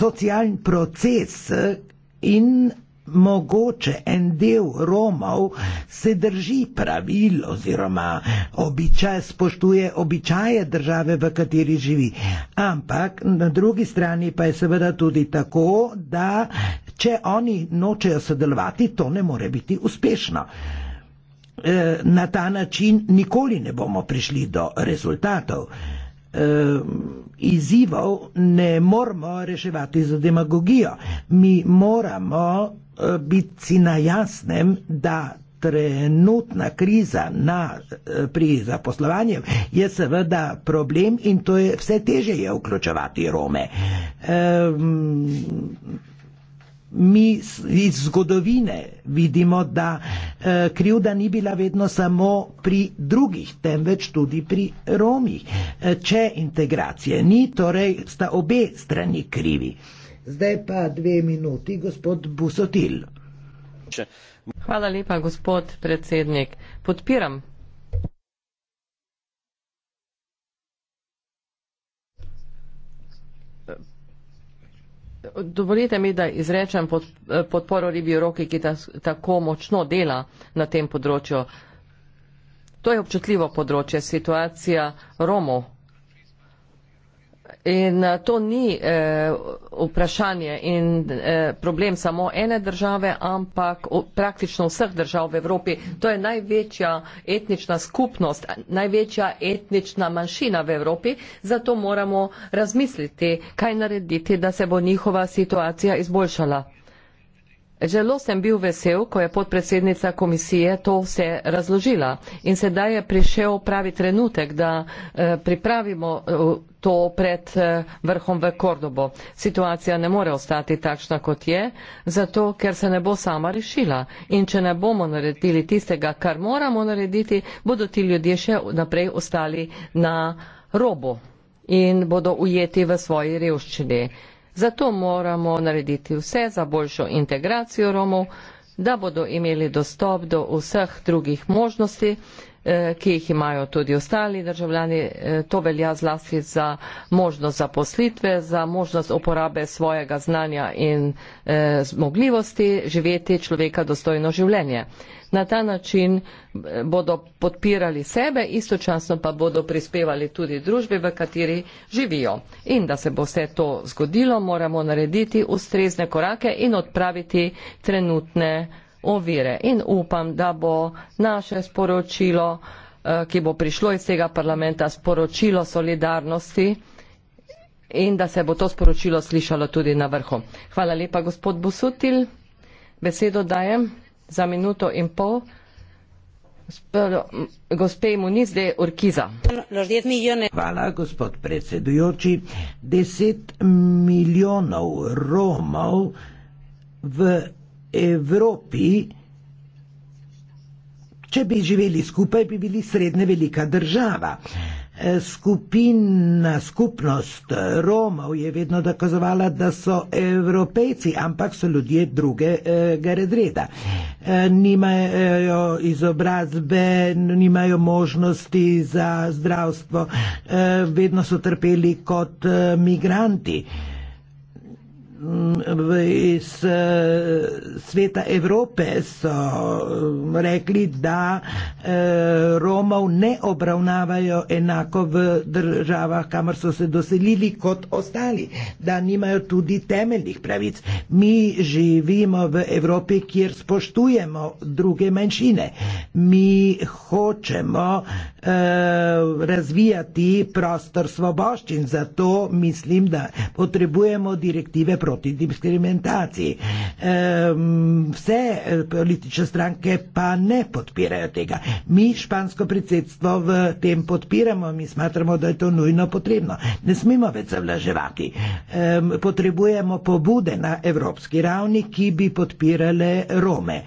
socialni proces in mogoče en del Romov se drži pravil oziroma običaj, spoštuje običaje države, v kateri živi. Ampak na drugi strani pa je seveda tudi tako, da če oni nočejo sodelovati, to ne more biti uspešno. E, na ta način nikoli ne bomo prišli do rezultatov. E, izzivov ne moramo reševati z demagogijo. Mi moramo biti si na jasnem, da trenutna kriza na, eh, pri zaposlovanju je seveda problem in to je vse teže je vključevati Rome. Um, mi iz zgodovine vidimo, da uh, krivda ni bila vedno samo pri drugih, temveč tudi pri Romih. Eh, če integracije ni, torej sta obe strani krivi. Uh, Zdaj pa dve minuti, gospod Busotil. Hvala lepa, gospod predsednik. Podpiram. Dovolite mi, da izrečem podporo ribi roki, ki ta, tako močno dela na tem področju. To je občutljivo področje, situacija Romov In eh, to ni eh, vprašanje in eh, problem samo ene države, ampak o, praktično vseh držav v Evropi. To je največja etnična skupnost, največja etnična manjšina v Evropi. Zato moramo razmisliti, kaj narediti, da se bo njihova situacija izboljšala. Zelo sem bil vesel, ko je podpredsednica komisije to vse razložila in sedaj je prišel pravi trenutek, da eh, pripravimo eh, to pred eh, vrhom v Kordobo. Situacija ne more ostati takšna, kot je, zato ker se ne bo sama rešila. In če ne bomo naredili tistega, kar moramo narediti, bodo ti ljudje še naprej ostali na robu in bodo ujeti v svoji revščini. Zato moramo narediti vse za boljšo integracijo Romov, da bodo imeli dostop do vseh drugih možnosti, Eh, ki jih imajo tudi ostali državljani. Eh, to velja zlasti za možnost zaposlitve, za možnost uporabe svojega znanja in eh, zmogljivosti živeti človeka dostojno življenje. Na ta način bodo podpirali sebe, istočasno pa bodo prispevali tudi družbe, v kateri živijo. In da se bo vse to zgodilo, moramo narediti ustrezne korake in odpraviti trenutne ovire in upam, da bo naše sporočilo, eh, ki bo prišlo iz tega parlamenta, sporočilo solidarnosti in da se bo to sporočilo slišalo tudi na vrhu. Hvala lepa, gospod Busutil. Besedo dajem za minuto in pol. Gospe Muniz de Urkiza. Hvala, gospod predsedujoči. Deset milijonov Romov v Evropi, če bi živeli skupaj, bi bili srednje velika država. Eh, skupina, skupnost Romov je vedno dokazovala, da so evropejci, ampak so ljudje drugega reda. Eh, nimajo izobrazbe, nimajo možnosti za zdravstvo, eh, vedno so trpeli kot migranti. Mm, iz eh, sveta Evrope so mm, rekli, da eh, Romov ne obravnavajo enako v državah, kamor so se doselili kot ostali, da nimajo tudi temeljnih pravic. Mi živimo v Evropi, kjer spoštujemo druge manjšine. Mi hočemo Eh, razvijati prostor svoboščin. Zato mislim, da potrebujemo direktive proti diskriminaciji. Vse eh, politične stranke pa ne podpirajo tega. Mi špansko predsedstvo v tem podpiramo, mi smatramo, da je to nujno potrebno. Ne smemo več zavlaževati. Potrebujemo pobude na evropski ravni, ki bi podpirale Rome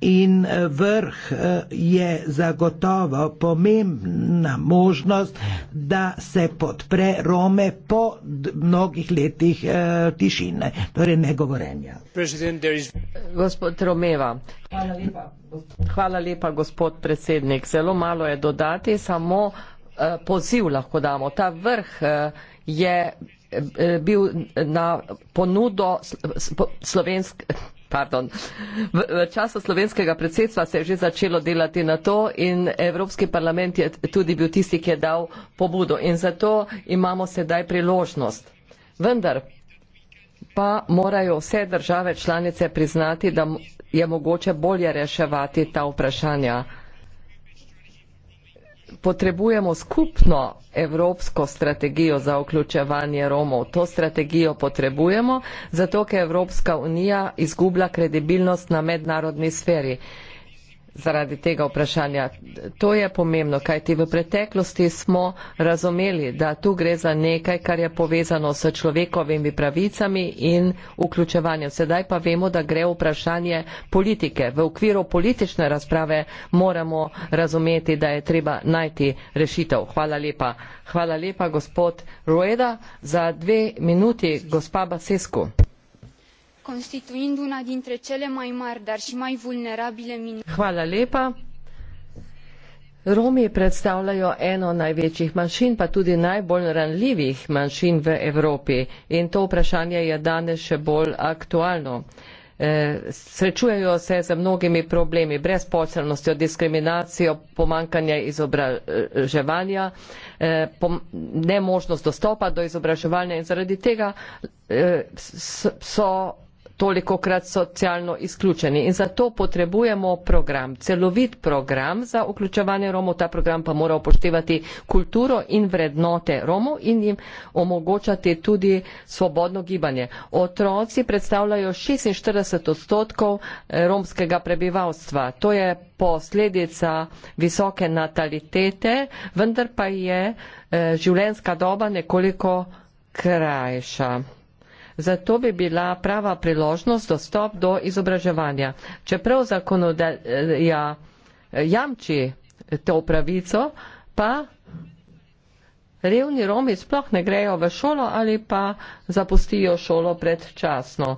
in eh, vrh eh, je zagotovo pomembna možnost, da se podpre Rome po mnogih letih eh, tišine, torej negovorenja. Gospod Romeva. Hvala lepa, gospod predsednik. Zelo malo je dodati, samo poziv lahko damo. Ta vrh je bil na ponudo slovenske Pardon. V, v času slovenskega predsedstva se je že začelo delati na to in Evropski parlament je tudi bil tisti, ki je dal pobudo in zato imamo sedaj priložnost. Vendar pa morajo vse države članice priznati, da je mogoče bolje reševati ta vprašanja potrebujemo skupno evropsko strategijo za vključevanje Romov. To strategijo potrebujemo, zato ker Evropska unija izgublja kredibilnost na mednarodni sferi zaradi tega vprašanja. To je pomembno, kajti v preteklosti smo razumeli, da tu gre za nekaj, kar je povezano s človekovimi pravicami in vključevanjem. Sedaj pa vemo, da gre vprašanje politike. V okviru politične razprave moramo razumeti, da je treba najti rešitev. Hvala lepa. Hvala lepa, gospod Rueda. Za dve minuti, gospa Basescu constituind una dintre cele mai mari dar i mai vulnerabile minorităi. Romi predstavljajo eno največjih manjšin, pa tudi najbolj ranljivih manjšin v Evropi in to vprašanje je danes še bolj aktualno. E, srečujejo se z mnogimi problemi, brezposelnostjo, diskriminacijo, pomankanje izobraževanja, e, pom nemožnost dostopa do izobraževanja in zaradi tega e, so toliko krat socialno izključeni. In zato potrebujemo program, celovit program za vključevanje Romov. Ta program pa mora upoštevati kulturo in vrednote Romov in jim omogočati tudi svobodno gibanje. Otroci predstavljajo 46 odstotkov eh, romskega prebivalstva. To je posledica visoke natalitete, vendar pa je eh, življenjska doba nekoliko krajša zato bi bila prava priložnost dostop do izobraževanja. Čeprav zakonodaja eh, jamči eh, to pravico, pa revni Romi sploh ne grejo v šolo ali pa zapustijo šolo predčasno.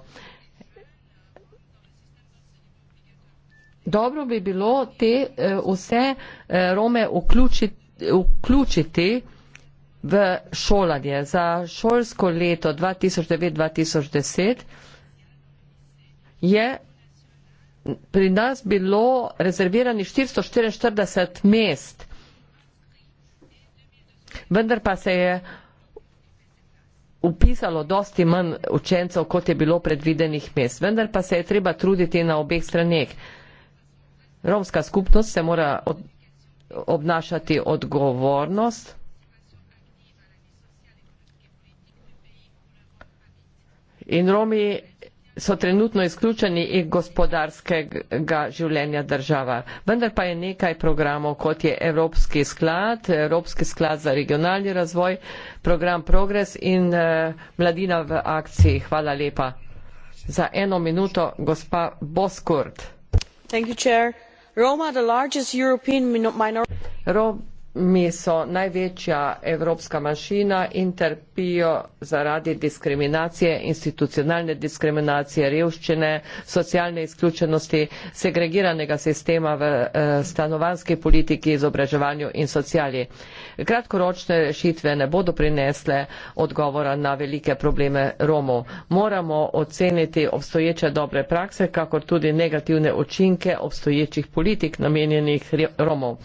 Dobro bi bilo te eh, vse Rome vključiti, vključiti v šolanje za šolsko leto 2009-2010 je pri nas bilo rezerviranih 444 mest, vendar pa se je upisalo dosti manj učencev, kot je bilo predvidenih mest. Vendar pa se je treba truditi na obeh straneh. Romska skupnost se mora obnašati odgovornost in Romi so trenutno izključeni iz gospodarskega življenja država. Vendar pa je nekaj programov, kot je Evropski sklad, Evropski sklad za regionalni razvoj, program Progres in eh, Mladina v akciji. Hvala lepa. Za eno minuto, gospa Boskurt. Roma, Rom mi so največja evropska mašina in trpijo zaradi diskriminacije, institucionalne diskriminacije, revščine, socialne izključenosti, segregiranega sistema v eh, stanovanski politiki, izobraževanju in socijali. Kratkoročne rešitve ne bodo prinesle odgovora na velike probleme Romov. Moramo oceniti obstoječe dobre prakse, kakor tudi negativne učinke obstoječih politik namenjenih Romov.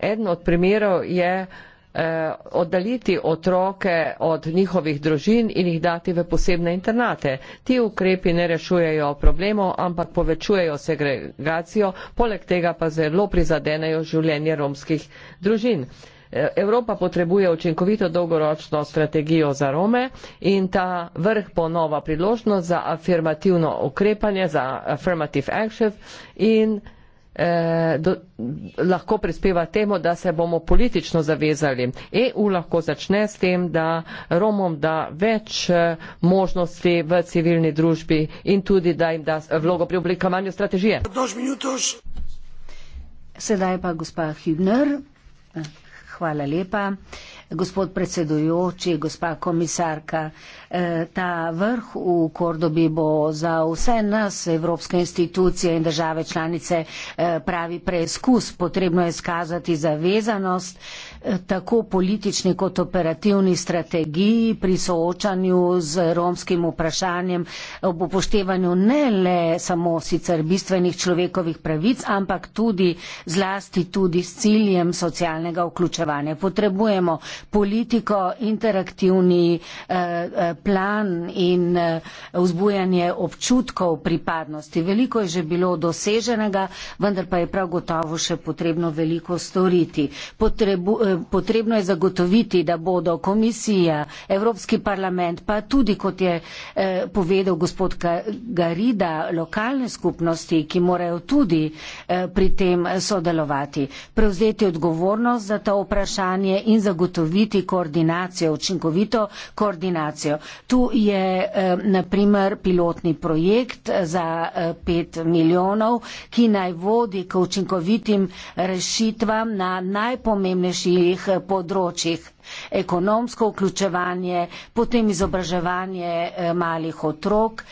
Eden od primerov je eh, oddaliti otroke od njihovih družin in jih dati v posebne internate. Ti ukrepi ne rešujejo problemov, ampak povečujejo segregacijo, poleg tega pa zelo prizadenejo življenje romskih družin. Eh, Evropa potrebuje učinkovito dolgoročno strategijo za Rome in ta vrh bo nova priložnost za afirmativno ukrepanje, za affirmative action in eh, do, lahko prispeva temu, da se bomo politično zavezali. EU lahko začne s tem, da Romom da več eh, možnosti v civilni družbi in tudi da jim da vlogo pri oblikovanju strategije. Sedaj pa gospa Hübner. Hvala lepa gospod predsedujoči, gospa komisarka, eh, ta vrh v Kordobi bo za vse nas, evropske institucije in države članice, eh, pravi preizkus. Potrebno je skazati zavezanost eh, tako politični kot operativni strategiji pri soočanju z romskim vprašanjem ob upoštevanju ne le samo sicer bistvenih človekovih pravic, ampak tudi zlasti tudi s ciljem socialnega vključevanja. Potrebujemo politiko, interaktivni eh, eh plan in eh, vzbujanje občutkov pripadnosti. Veliko je že bilo doseženega, vendar pa je prav gotovo še potrebno veliko storiti. Potrebu, eh, potrebno je zagotoviti, da bodo komisija, Evropski parlament, pa tudi, kot je eh, povedal gospod Garida, lokalne skupnosti, ki morajo tudi eh, pri tem eh, sodelovati, prevzeti odgovornost za to vprašanje in zagotoviti, zagotoviti koordinacijo, učinkovito koordinacijo. Tu je eh, naprimer pilotni projekt eh, za 5 eh, milijonov, ki naj vodi k učinkovitim rešitvam na najpomembnejših področjih ekonomsko vključevanje, potem izobraževanje malih otrok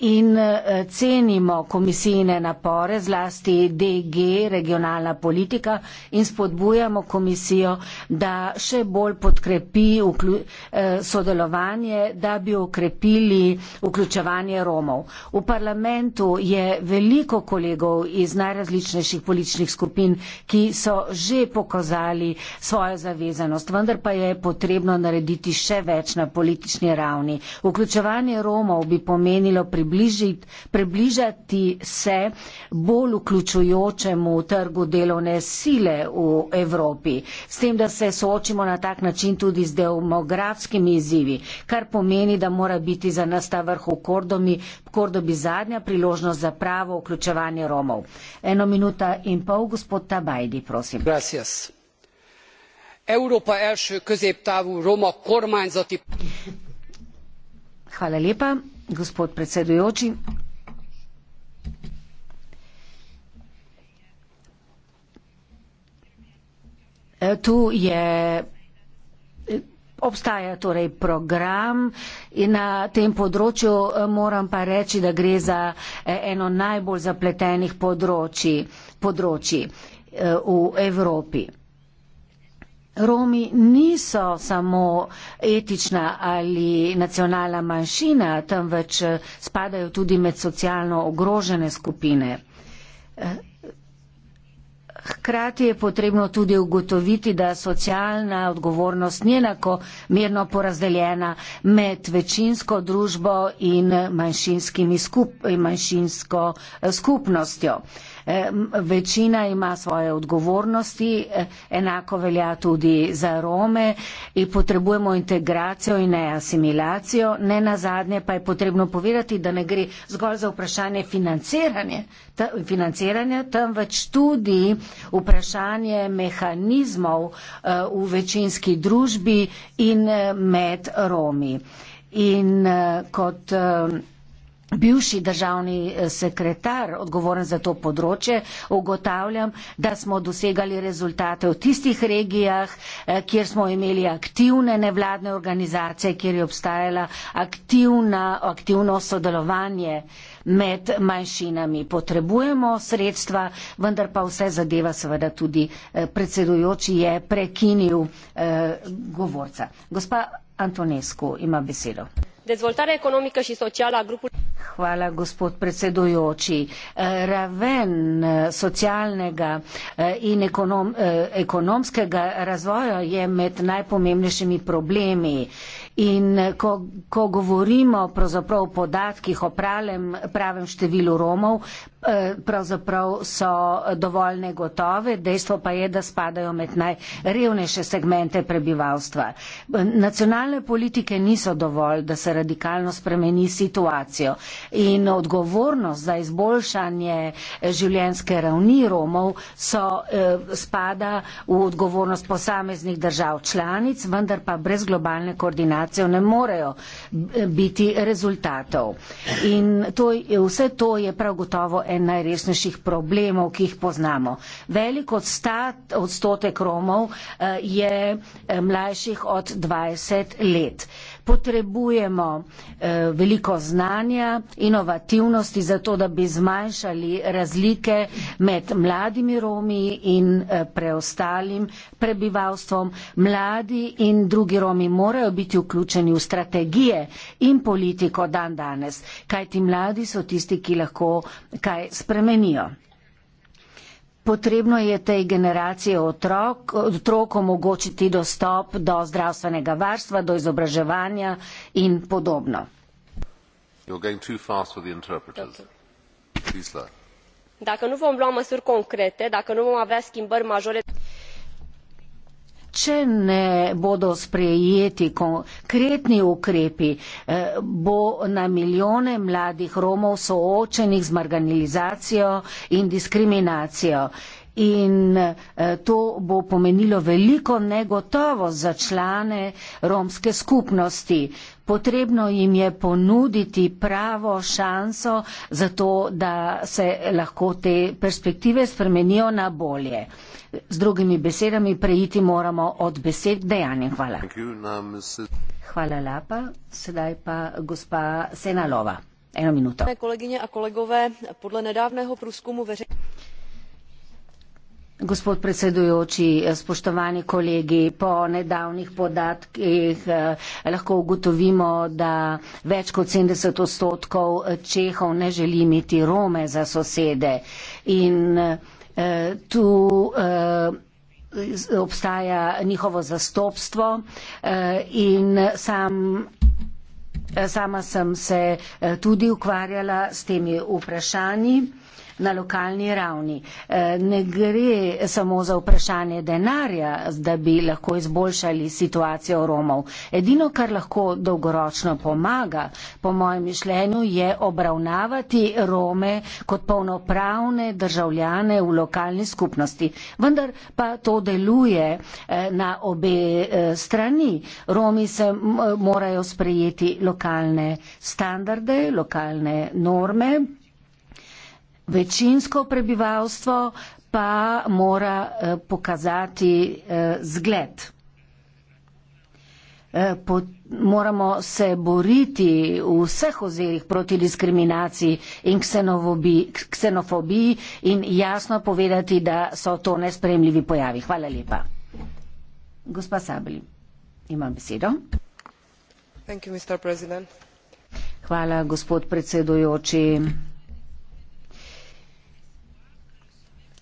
in eh, cenimo komisijne napore, zlasti DG, regionalna politika, in spodbujamo komisijo, da še bolj podkrepi eh, sodelovanje, da bi okrepili vključevanje Romov. V parlamentu je veliko kolegov iz najrazličnejših političnih skupin, ki so že pokazali svojo zavezanost, vendar pa je potrebno narediti še več na politični ravni. Vključevanje Romov bi pomenilo približno približiti, približati se bolj vključujočemu trgu delovne sile v Evropi. S tem, da se soočimo na tak način tudi z demografskimi izzivi, kar pomeni, da mora biti za nas ta vrh v Kordomi, Kordobi zadnja priložnost za pravo vključevanje Romov. Eno minuta in pol, gospod Tabajdi, prosim. Gracias. Evropa je še középtavu Roma kormányzati. Hvala lepa gospod predsedujoči. E, tu je, obstaja torej program in na tem področju e, moram pa reči, da gre za e, eno najbolj zapletenih področji, področji v Evropi. Romi niso samo etična ali nacionalna manjšina, temveč spadajo tudi med socialno ogrožene skupine. Hkrati je potrebno tudi ugotoviti, da socialna odgovornost ni enako merno porazdeljena med večinsko družbo in, skup in manjšinsko eh, skupnostjo. Večina ima svoje odgovornosti, enako velja tudi za Rome. Potrebujemo integracijo in ne asimilacijo. Ne na zadnje pa je potrebno povedati, da ne gre zgolj za vprašanje financiranja, temveč tudi vprašanje mehanizmov eh, v večinski družbi in eh, med Romi. In eh, kot bivši državni eh, sekretar, odgovoren za to področje, ugotavljam, da smo dosegali rezultate v tistih regijah, eh, kjer smo imeli aktivne nevladne organizacije, kjer je obstajala aktivna, aktivno sodelovanje med manjšinami. Potrebujemo sredstva, vendar pa vse zadeva seveda tudi eh, predsedujoči je prekinil eh, govorca. Gospa Antonescu ima besedo dezvoltarea economică și socială a grupului. Hvala, gospod predsedujoči. Eh, raven eh, socialnega eh, in ekonom, ekonomskega razvoja je med najpomembnejšimi problemi. In ko, ko govorimo pravzaprav o podatkih o pravem, pravem številu Romov, E, pravzaprav so dovolj negotove, dejstvo pa je, da spadajo med najrevnejše segmente prebivalstva. Nacionalne politike niso dovolj, da se radikalno spremeni situacijo in odgovornost za izboljšanje življenske ravni Romov so, e, spada v odgovornost posameznih držav članic, vendar pa brez globalne koordinacije ne morejo e, biti rezultatov. In to, vse to je prav gotovo eno en najresnejših problemov, ki jih poznamo. Velik odstat, odstotek Romov eh, je eh, mlajših od 20 let. Potrebujemo eh, veliko znanja, inovativnosti za to, da bi zmanjšali razlike med mladimi Romi in preostalim prebivalstvom, mladi in drugi Romi morajo biti vključeni v strategije in politiko dan danes, kaj ti mladi so tisti, ki lahko kaj spremenijo. Potrebno je tej generaciji otrok omogočiti dostop do zdravstvenega varstva, do izobraževanja in podobno. Dacă nu vom lua măsuri concrete, dacă nu vom avea schimbări majore če ne bodo sprejeti konkretni ukrepi, eh, bo na milijone mladih Romov soočenih z marginalizacijo in diskriminacijo. In eh, to bo pomenilo veliko negotovo za člane romske skupnosti potrebno jim je ponuditi pravo šanso za to, da se lahko te perspektive spremenijo na bolje. Z drugimi besedami preiti moramo od besed dejanjem. Hvala. Hvala lepa. Sedaj pa gospa Senalova. Eno minuto. Kolegine in kolegove, podle nedavnega pruskumu veže. Gospod predsedujoči, spoštovani kolegi, po nedavnih podatkih eh, lahko ugotovimo, da več kot 70 odstotkov Čehov ne želi imeti Rome za sosede. In eh, tu eh, obstaja njihovo zastopstvo in sam. Sama sem se tudi ukvarjala s temi vprašanji na lokalni ravni. Eh, ne gre samo za vprašanje denarja, da bi lahko izboljšali situacijo Romov. Edino, kar lahko dolgoročno pomaga, po mojem mišljenju, je obravnavati Rome kot polnopravne državljane v lokalni skupnosti. Vendar pa to deluje eh, na obe eh, strani. Romi se morajo sprejeti lokalne standarde, lokalne norme večinsko prebivalstvo pa mora eh, pokazati eh, zgled. Eh, moramo se boriti v vseh ozirih proti diskriminaciji in ksenofobiji in jasno povedati, da so to nespremljivi pojavi. Hvala lepa. Gospa Sabeli, imam besedo. Thank you, Hvala, gospod predsedujoči.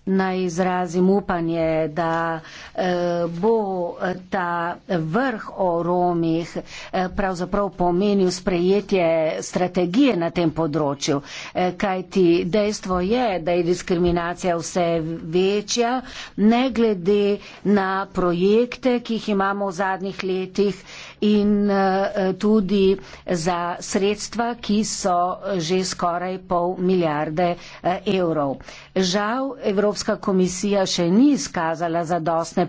Naj izrazim upanje, da eh, bo ta vrh o Romih eh, pravzaprav pomenil sprejetje strategije na tem področju, eh, kajti dejstvo je, da je diskriminacija vse večja, ne glede na projekte, ki jih imamo v zadnjih letih in eh, eh, tudi za sredstva, ki so že skoraj pol milijarde eh, evrov. Žal Evropska komisija še ni izkazala zadostne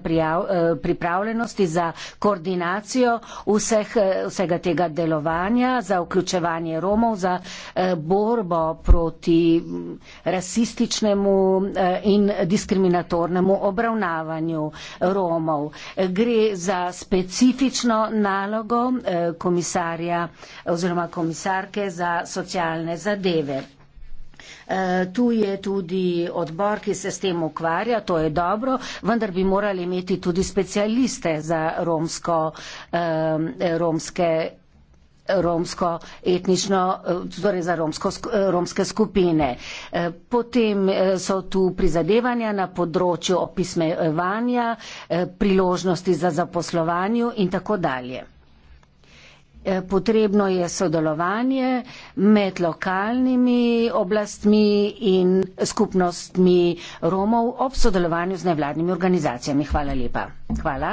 pripravljenosti za koordinacijo vseh, vsega tega delovanja, za vključevanje Romov, za borbo proti mm, rasističnemu in diskriminatornemu obravnavanju Romov. Gre za specifično naravno nalogo eh, komisarja oziroma komisarke za socialne zadeve. Eh, tu je tudi odbor, ki se s tem ukvarja, to je dobro, vendar bi morali imeti tudi specialiste za romsko, eh, romske, romsko etnično, torej za romsko, romske skupine. Potem so tu prizadevanja na področju opismevanja, priložnosti za zaposlovanje in tako dalje. Eh, potrebno je sodelovanje med lokalnimi oblastmi in skupnostmi Romov ob sodelovanju z nevladnimi organizacijami. Hvala lepa. Hvala.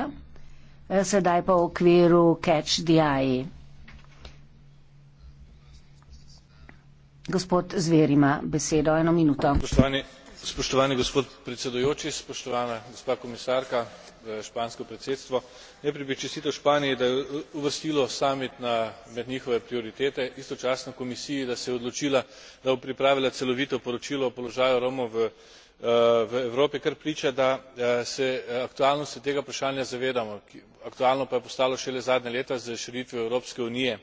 Eh, sedaj pa v okviru Catch the Eye. Gospod Zver ima besedo, eno minuto. Spoštovani, spoštovani gospod predsedujoči, spoštovana gospa komisarka, Eh, špansko predsedstvo. najprej bi čestital španiji da je uvrstilo summit med njihove prioritete istočasno komisiji da se je odločila da bo pripravila celovito poročilo o položaju romov v eh, evropi kar priča da eh, se aktualnosti tega vprašanja zavedamo aktualno pa je postalo šele zadnja leta s širitvijo evropske unije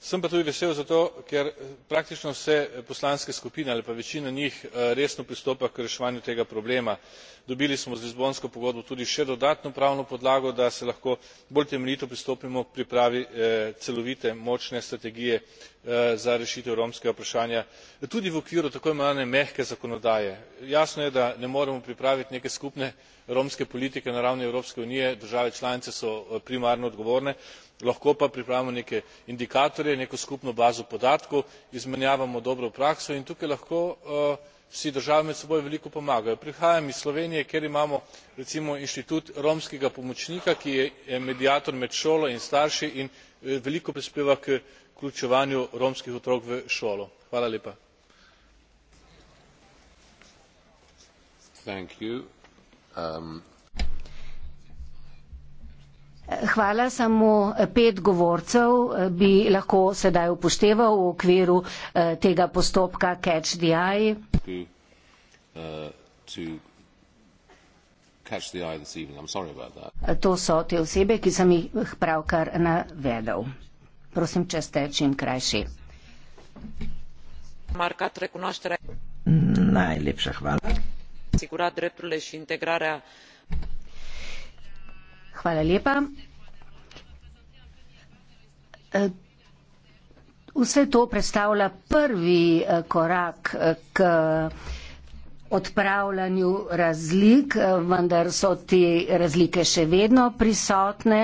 sem pa tudi vesel zato ker eh, praktično vse eh, poslanske skupine ali pa večina njih eh, resno pristopa k reševanju tega problema. dobili smo z lizbonsko pogodbo tudi še dodatno pravno podlago da se lahko bolj temeljito pristopimo k pripravi celovite močne strategije za rešitev romskega vprašanja tudi v okviru tako imenovane mehke zakonodaje. jasno je da ne moremo pripraviti neke skupne romske politike na ravni evropske unije države članice so primarno odgovorne lahko pa pripravimo neke indikatorje neko skupno bazo podatkov izmenjavamo dobro prakso in tukaj lahko eh, si države med seboj veliko pomagajo. prihajam iz slovenije kjer imamo recimo inštitut romskega pomočnika ki je mediator med šolo in starši in eh, veliko prispeva k vključevanju romskih otrok v šolo. Hvala, samo eh, pet govorcev eh, bi lahko sedaj upošteval v okviru eh, tega postopka Catch the Eye. To, uh, to To so te osebe, ki sem jih pravkar navedel. Prosim, če ste čim krajši. Najlepša hvala. Hvala lepa. E, vse to predstavlja prvi e, korak e, k odpravljanju razlik, vendar so te razlike še vedno prisotne.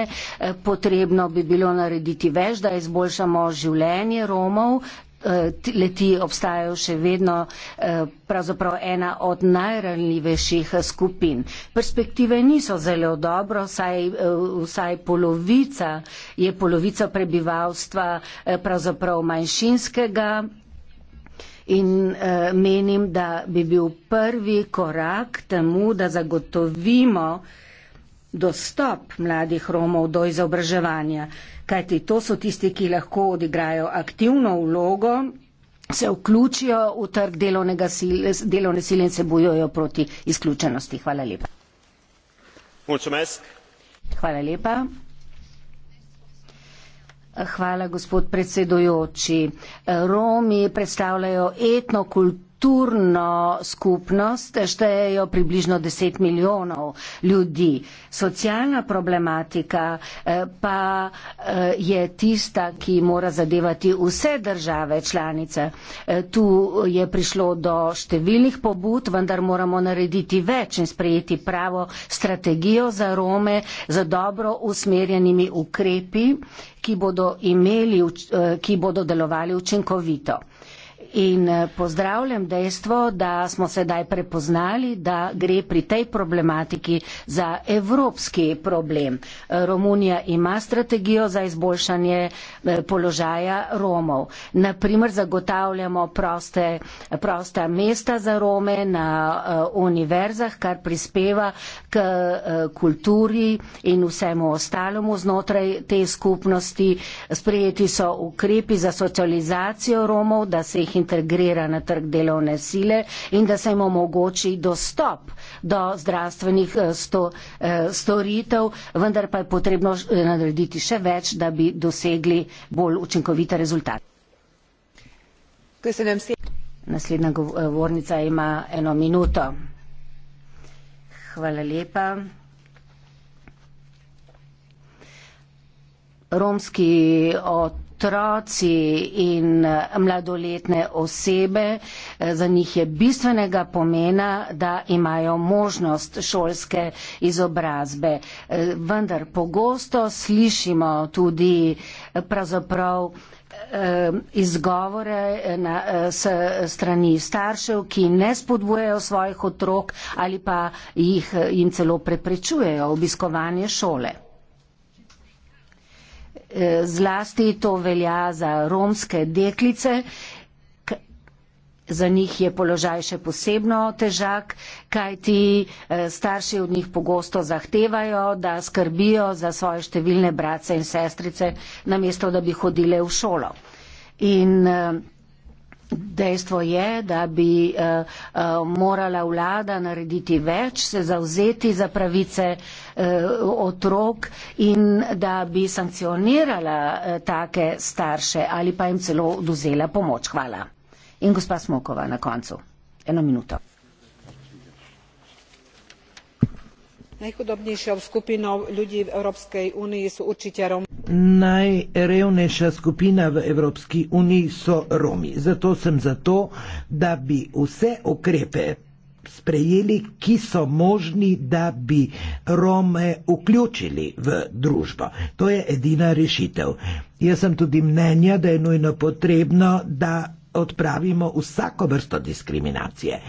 Potrebno bi bilo narediti več, da izboljšamo življenje Romov, leti obstajajo še vedno eh, pravzaprav ena od najranljivejših skupin. Perspektive niso zelo dobro, saj eh, vsaj polovica je polovica prebivalstva eh, pravzaprav manjšinskega. In eh, menim, da bi bil prvi korak temu, da zagotovimo eh, dostop mladih Romov do izobraževanja, kajti to so tisti, ki lahko odigrajo aktivno vlogo, se vključijo v trg sile, delovne sile in se bojujo proti izključenosti. Hvala lepa. Mulțumesc. Hvala lepa. Hvala, gospod predsedujoči. Romi predstavljajo etnokulturo kulturno skupnost štejejo približno 10 milijonov ljudi. Socialna problematika eh, pa eh, je tista, ki mora zadevati vse države članice. Eh, tu je prišlo do številnih pobud, vendar moramo narediti več in sprejeti pravo strategijo za Rome z dobro usmerjenimi ukrepi, ki bodo, imeli, ki bodo delovali učinkovito in eh, pozdravljam dejstvo, da smo sedaj prepoznali, da gre pri tej problematiki za evropski problem. Eh, Romunija ima strategijo za izboljšanje eh, položaja Romov. Naprimer, zagotavljamo proste, prosta mesta za Rome na univerzah, kar prispeva k kulturi in vsemu ostalemu znotraj te skupnosti. Sprejeti so ukrepi za socializacijo Romov, da se jih in integrira na trg delovne sile in da se jim omogoči dostop do zdravstvenih eh, sto, eh, storitev, vendar pa je potrebno eh, narediti še več, da bi dosegli bolj učinkovite rezultate. Naslednja govornica ima eno minuto. Hvala lepa. Romski od otroci in eh, mladoletne osebe, eh, za njih je bistvenega pomena, da imajo možnost šolske izobrazbe. Eh, vendar pogosto slišimo tudi pravzaprav izgovore na, s strani staršev, ki ne spodbujajo svojih otrok ali pa jih, jim celo preprečujejo obiskovanje šole zlasti to velja za romske deklice. Za njih je položaj še posebno težak, kajti eh, starši od njih pogosto zahtevajo, da skrbijo za svoje številne brate in sestrice, namesto da bi hodile v šolo. In, eh, Dejstvo je, da bi uh, uh, morala vlada narediti več, se zauzeti za pravice uh, otrok in da bi sankcionirala uh, take starše ali pa jim celo oduzela pomoč. Hvala. In gospa Smokova na koncu. Eno minuto. Najhudobnejšou skupinou ľudí v Európskej únii sú určite Romy. Najrevnejšia skupina v Európskej únii sú Romy. Zato som za to, da by vse ukrepe sprejeli, ki so možni, da bi Rome vključili v družbo. To je edina rešitev. Jaz sem tudi mnenja, da je nujno potrebno, da odpravimo vsako vrsto diskriminacije.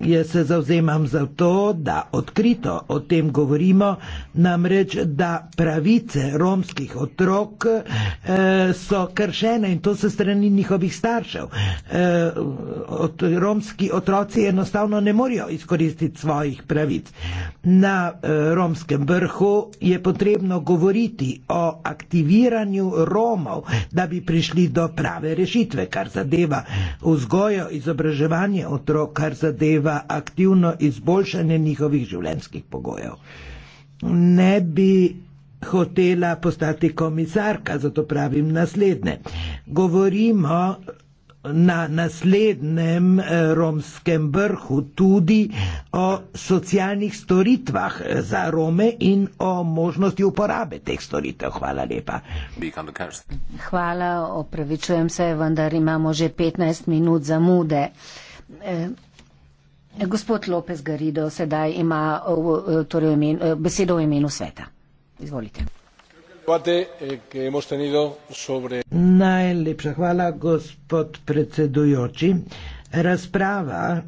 Jaz se zauzemam za to, da odkrito o tem govorimo, namreč, da pravice romskih otrok e, so kršene in to se strani njihovih staršev. E, eh, od, romski otroci enostavno ne morejo izkoristiti svojih pravic. Na e, romskem vrhu je potrebno govoriti o aktiviranju Romov, da bi prišli do prave rešitve, kar zadeva vzgojo, izobraževanje otrok, kar zadeva zadeva aktivno izboljšanje njihovih življenjskih pogojev. Ne bi hotela postati komisarka, zato pravim naslednje. Govorimo na naslednjem eh, romskem vrhu tudi o socialnih storitvah eh, za Rome in o možnosti uporabe teh storitev. Hvala lepa. Hvala, opravičujem se, vendar imamo že 15 minut zamude. Eh, Gospod López Garido, sedaj ima torej, imen, besedo v imenu sveta. Izvolite. Eh, Najlepša hvala, gospod predsedujoči. Razprava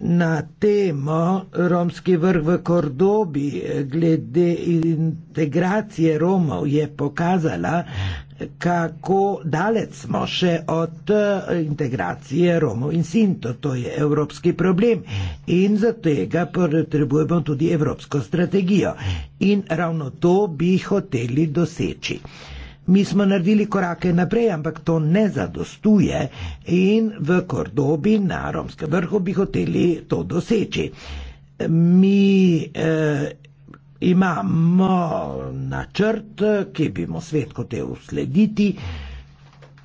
na temo romski vrh v Kordobi glede integracije Romov je pokazala, kako daleč smo še od eh, integracije Romov in Sinto. To je evropski problem in za tega potrebujemo tudi evropsko strategijo. In ravno to bi hoteli doseči. Mi smo naredili korake naprej, ampak to ne zadostuje in v Kordobi na romskem vrhu bi hoteli to doseči. Mi eh, imamo načrt, ki bi mu svet hotel slediti,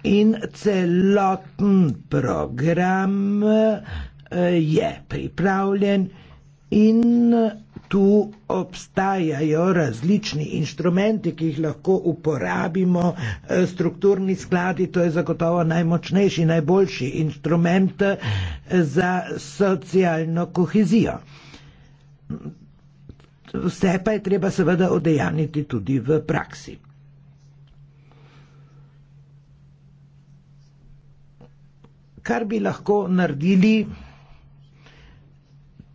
in celoten program eh, je pripravljen, in tu obstajajo različni inštrumenti, ki jih lahko uporabimo. Eh, strukturni skladi, to je zagotovo najmočnejši, najboljši inštrument eh, za socialno kohezijo vse pa je treba seveda odejaniti tudi v praksi. Kar bi lahko naredili,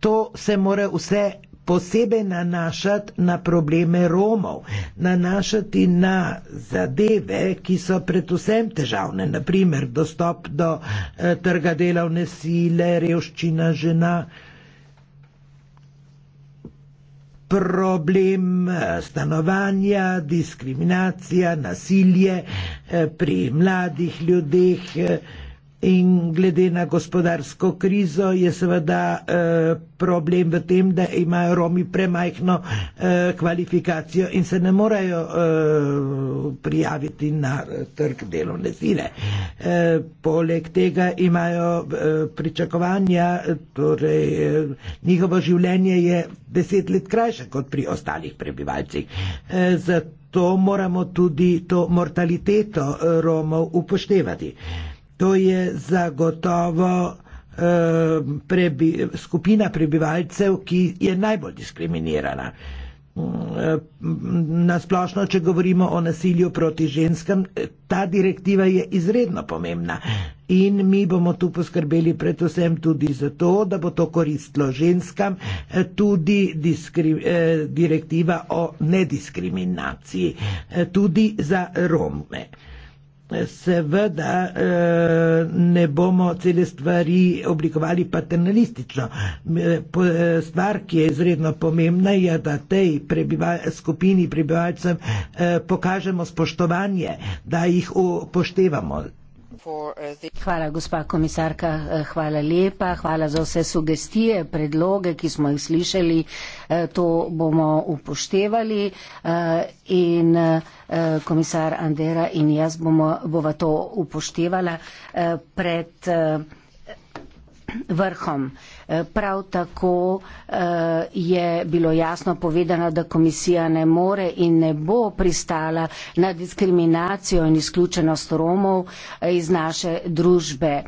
to se mora vse posebej nanašati na probleme Romov, nanašati na zadeve, ki so predvsem težavne, naprimer dostop do eh, trga delovne sile, revščina žena problem stanovanja, diskriminacija, nasilje eh, pri mladih ljudeh. Eh, In glede na gospodarsko krizo je seveda eh, problem v tem, da imajo Romi premajhno eh, kvalifikacijo in se ne morejo eh, prijaviti na trg delovne sile. Eh, poleg tega imajo eh, pričakovanja, torej eh, njihovo življenje je deset let krajše kot pri ostalih prebivalcih. Eh, zato moramo tudi to mortaliteto eh, Romov upoštevati. Eh, To je zagotovo eh, prebi, skupina prebivalcev, ki je najbolj diskriminirana. Mm, eh, Nasplošno, če govorimo o nasilju proti ženskam, eh, ta direktiva je izredno pomembna in mi bomo tu poskrbeli predvsem tudi zato, da bo to koristilo ženskam, tudi diskri, direktiva o nediskriminaciji, tudi za Rome seveda eh, ne bomo cele stvari oblikovali paternalistično. Eh, eh, stvar, ki je izredno pomembna, je, da tej prebival, skupini prebivalcev pokažemo spoštovanje, da jih upoštevamo. Uh, hvala, gospa komisarka, eh, hvala lepa, hvala za vse sugestije, predloge, ki smo jih slišali, eh, to bomo upoštevali eh, in komisar Andera in jaz bomo, bova to upoštevala pred vrhom. Eh, prav tako eh, je bilo jasno povedano, da komisija ne more in ne bo pristala na diskriminacijo in izključenost Romov eh, iz naše družbe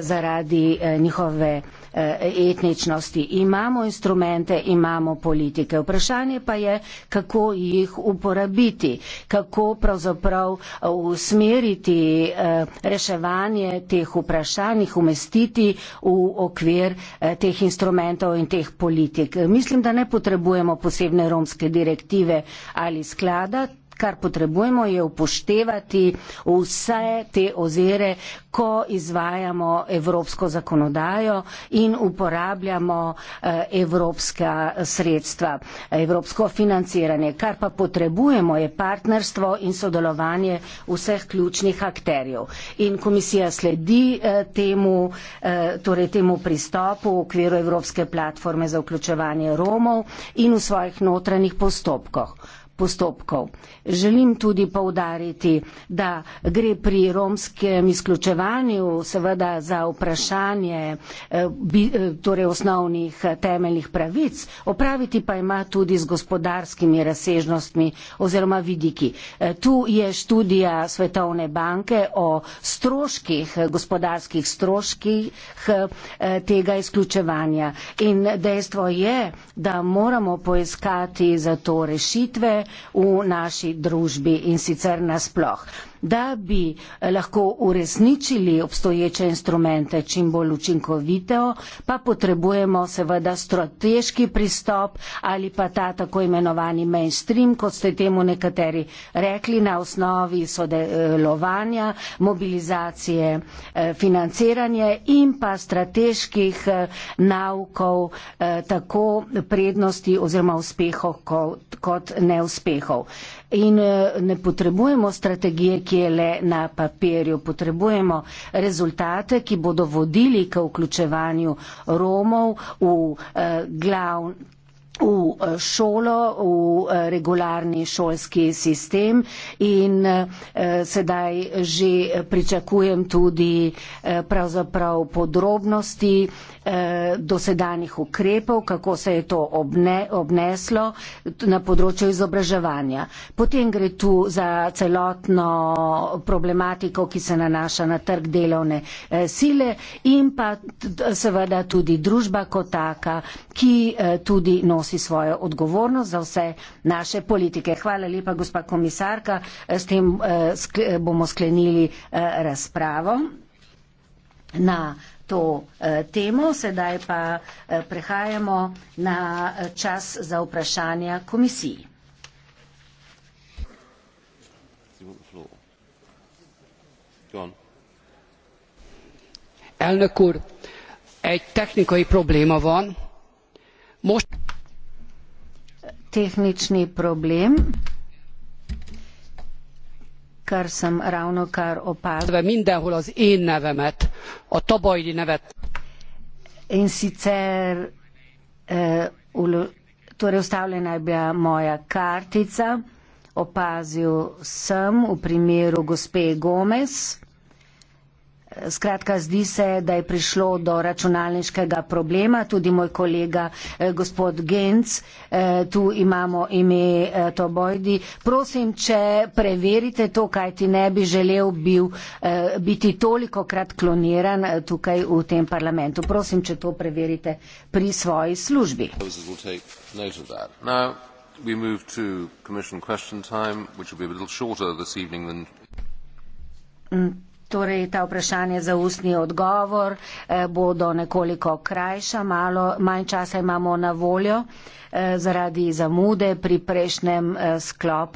zaradi njihove Eh, etničnosti. Imamo instrumente, imamo politike. Vprašanje pa je, kako jih uporabiti, kako pravzaprav eh, usmeriti eh, reševanje teh vprašanj, jih umestiti v okvir teh instrumentov in teh politik. Mislim, da ne potrebujemo posebne romske direktive ali sklada kar potrebujemo, je upoštevati vse te ozere, ko izvajamo evropsko zakonodajo in uporabljamo eh, evropska sredstva, evropsko financiranje. Kar pa potrebujemo, je partnerstvo in sodelovanje vseh ključnih akterjev. In komisija sledi eh, temu, eh, torej temu pristopu v okviru Evropske platforme za vključevanje Romov in v svojih notranjih postopkih postopkov. Želim tudi povdariti, da gre pri romskem izključevanju seveda za vprašanje eh, eh, torej osnovnih eh, temeljnih pravic, opraviti pa ima tudi z gospodarskimi razsežnostmi oziroma vidiki. Tu je študija Svetovne banke o stroških, gospodarskih stroških tega izključevanja. In dejstvo je, da moramo poiskati za to rešitve, v naši družbi in sicer nasploh da bi eh, lahko uresničili obstoječe instrumente čim bolj učinkovito, pa potrebujemo seveda strateški pristop ali pa ta tako imenovani mainstream, kot ste temu nekateri rekli, na osnovi sodelovanja, mobilizacije, eh, financiranje in pa strateških eh, naukov tako prednosti oziroma uspehov kot neuspehov. In ne potrebujemo strategije, nekje le na papirju. Potrebujemo rezultate, ki bodo vodili k vključevanju Romov v eh, glavni v eh, šolo, v eh, regularni šolski sistem in eh, sedaj že pričakujem tudi pravzaprav podrobnosti dosedanih ukrepov, kako se je to obne, obneslo na področju izobraževanja. Potem gre tu za celotno problematiko, ki se nanaša na trg delovne sile in pa seveda tudi družba kot taka, ki tudi nosi nosi svojo odgovornost za vse naše politike. Hvala lepa, gospa komisarka. S tem eh, bomo sklenili eh, razpravo na to eh, temo. Sedaj pa prehajamo na čas za vprašanja komisiji. Elnök úr, egy technikai probléma van. Most tehnični problem, kar sem ravno kar opazila. Mindenhol az én nevemet, a tabajdi nevet. In sicer, eh, ulo, torej ustavljena je bila moja kartica, opazil sem v primeru gospe Gomez. Skratka, zdi se, da je prišlo do računalniškega problema. Tudi moj kolega, eh, gospod Genc, eh, tu imamo ime eh, Tobojdi. Prosim, če preverite to, kaj ti ne bi želel bil, eh, biti toliko krat kloniran eh, tukaj v tem parlamentu. Prosim, če to preverite pri svoji službi. Mm. Torej, ta vprašanja za ustni odgovor eh, bodo nekoliko krajša, malo manj časa imamo na voljo eh, zaradi zamude pri prejšnjem eh, sklopu.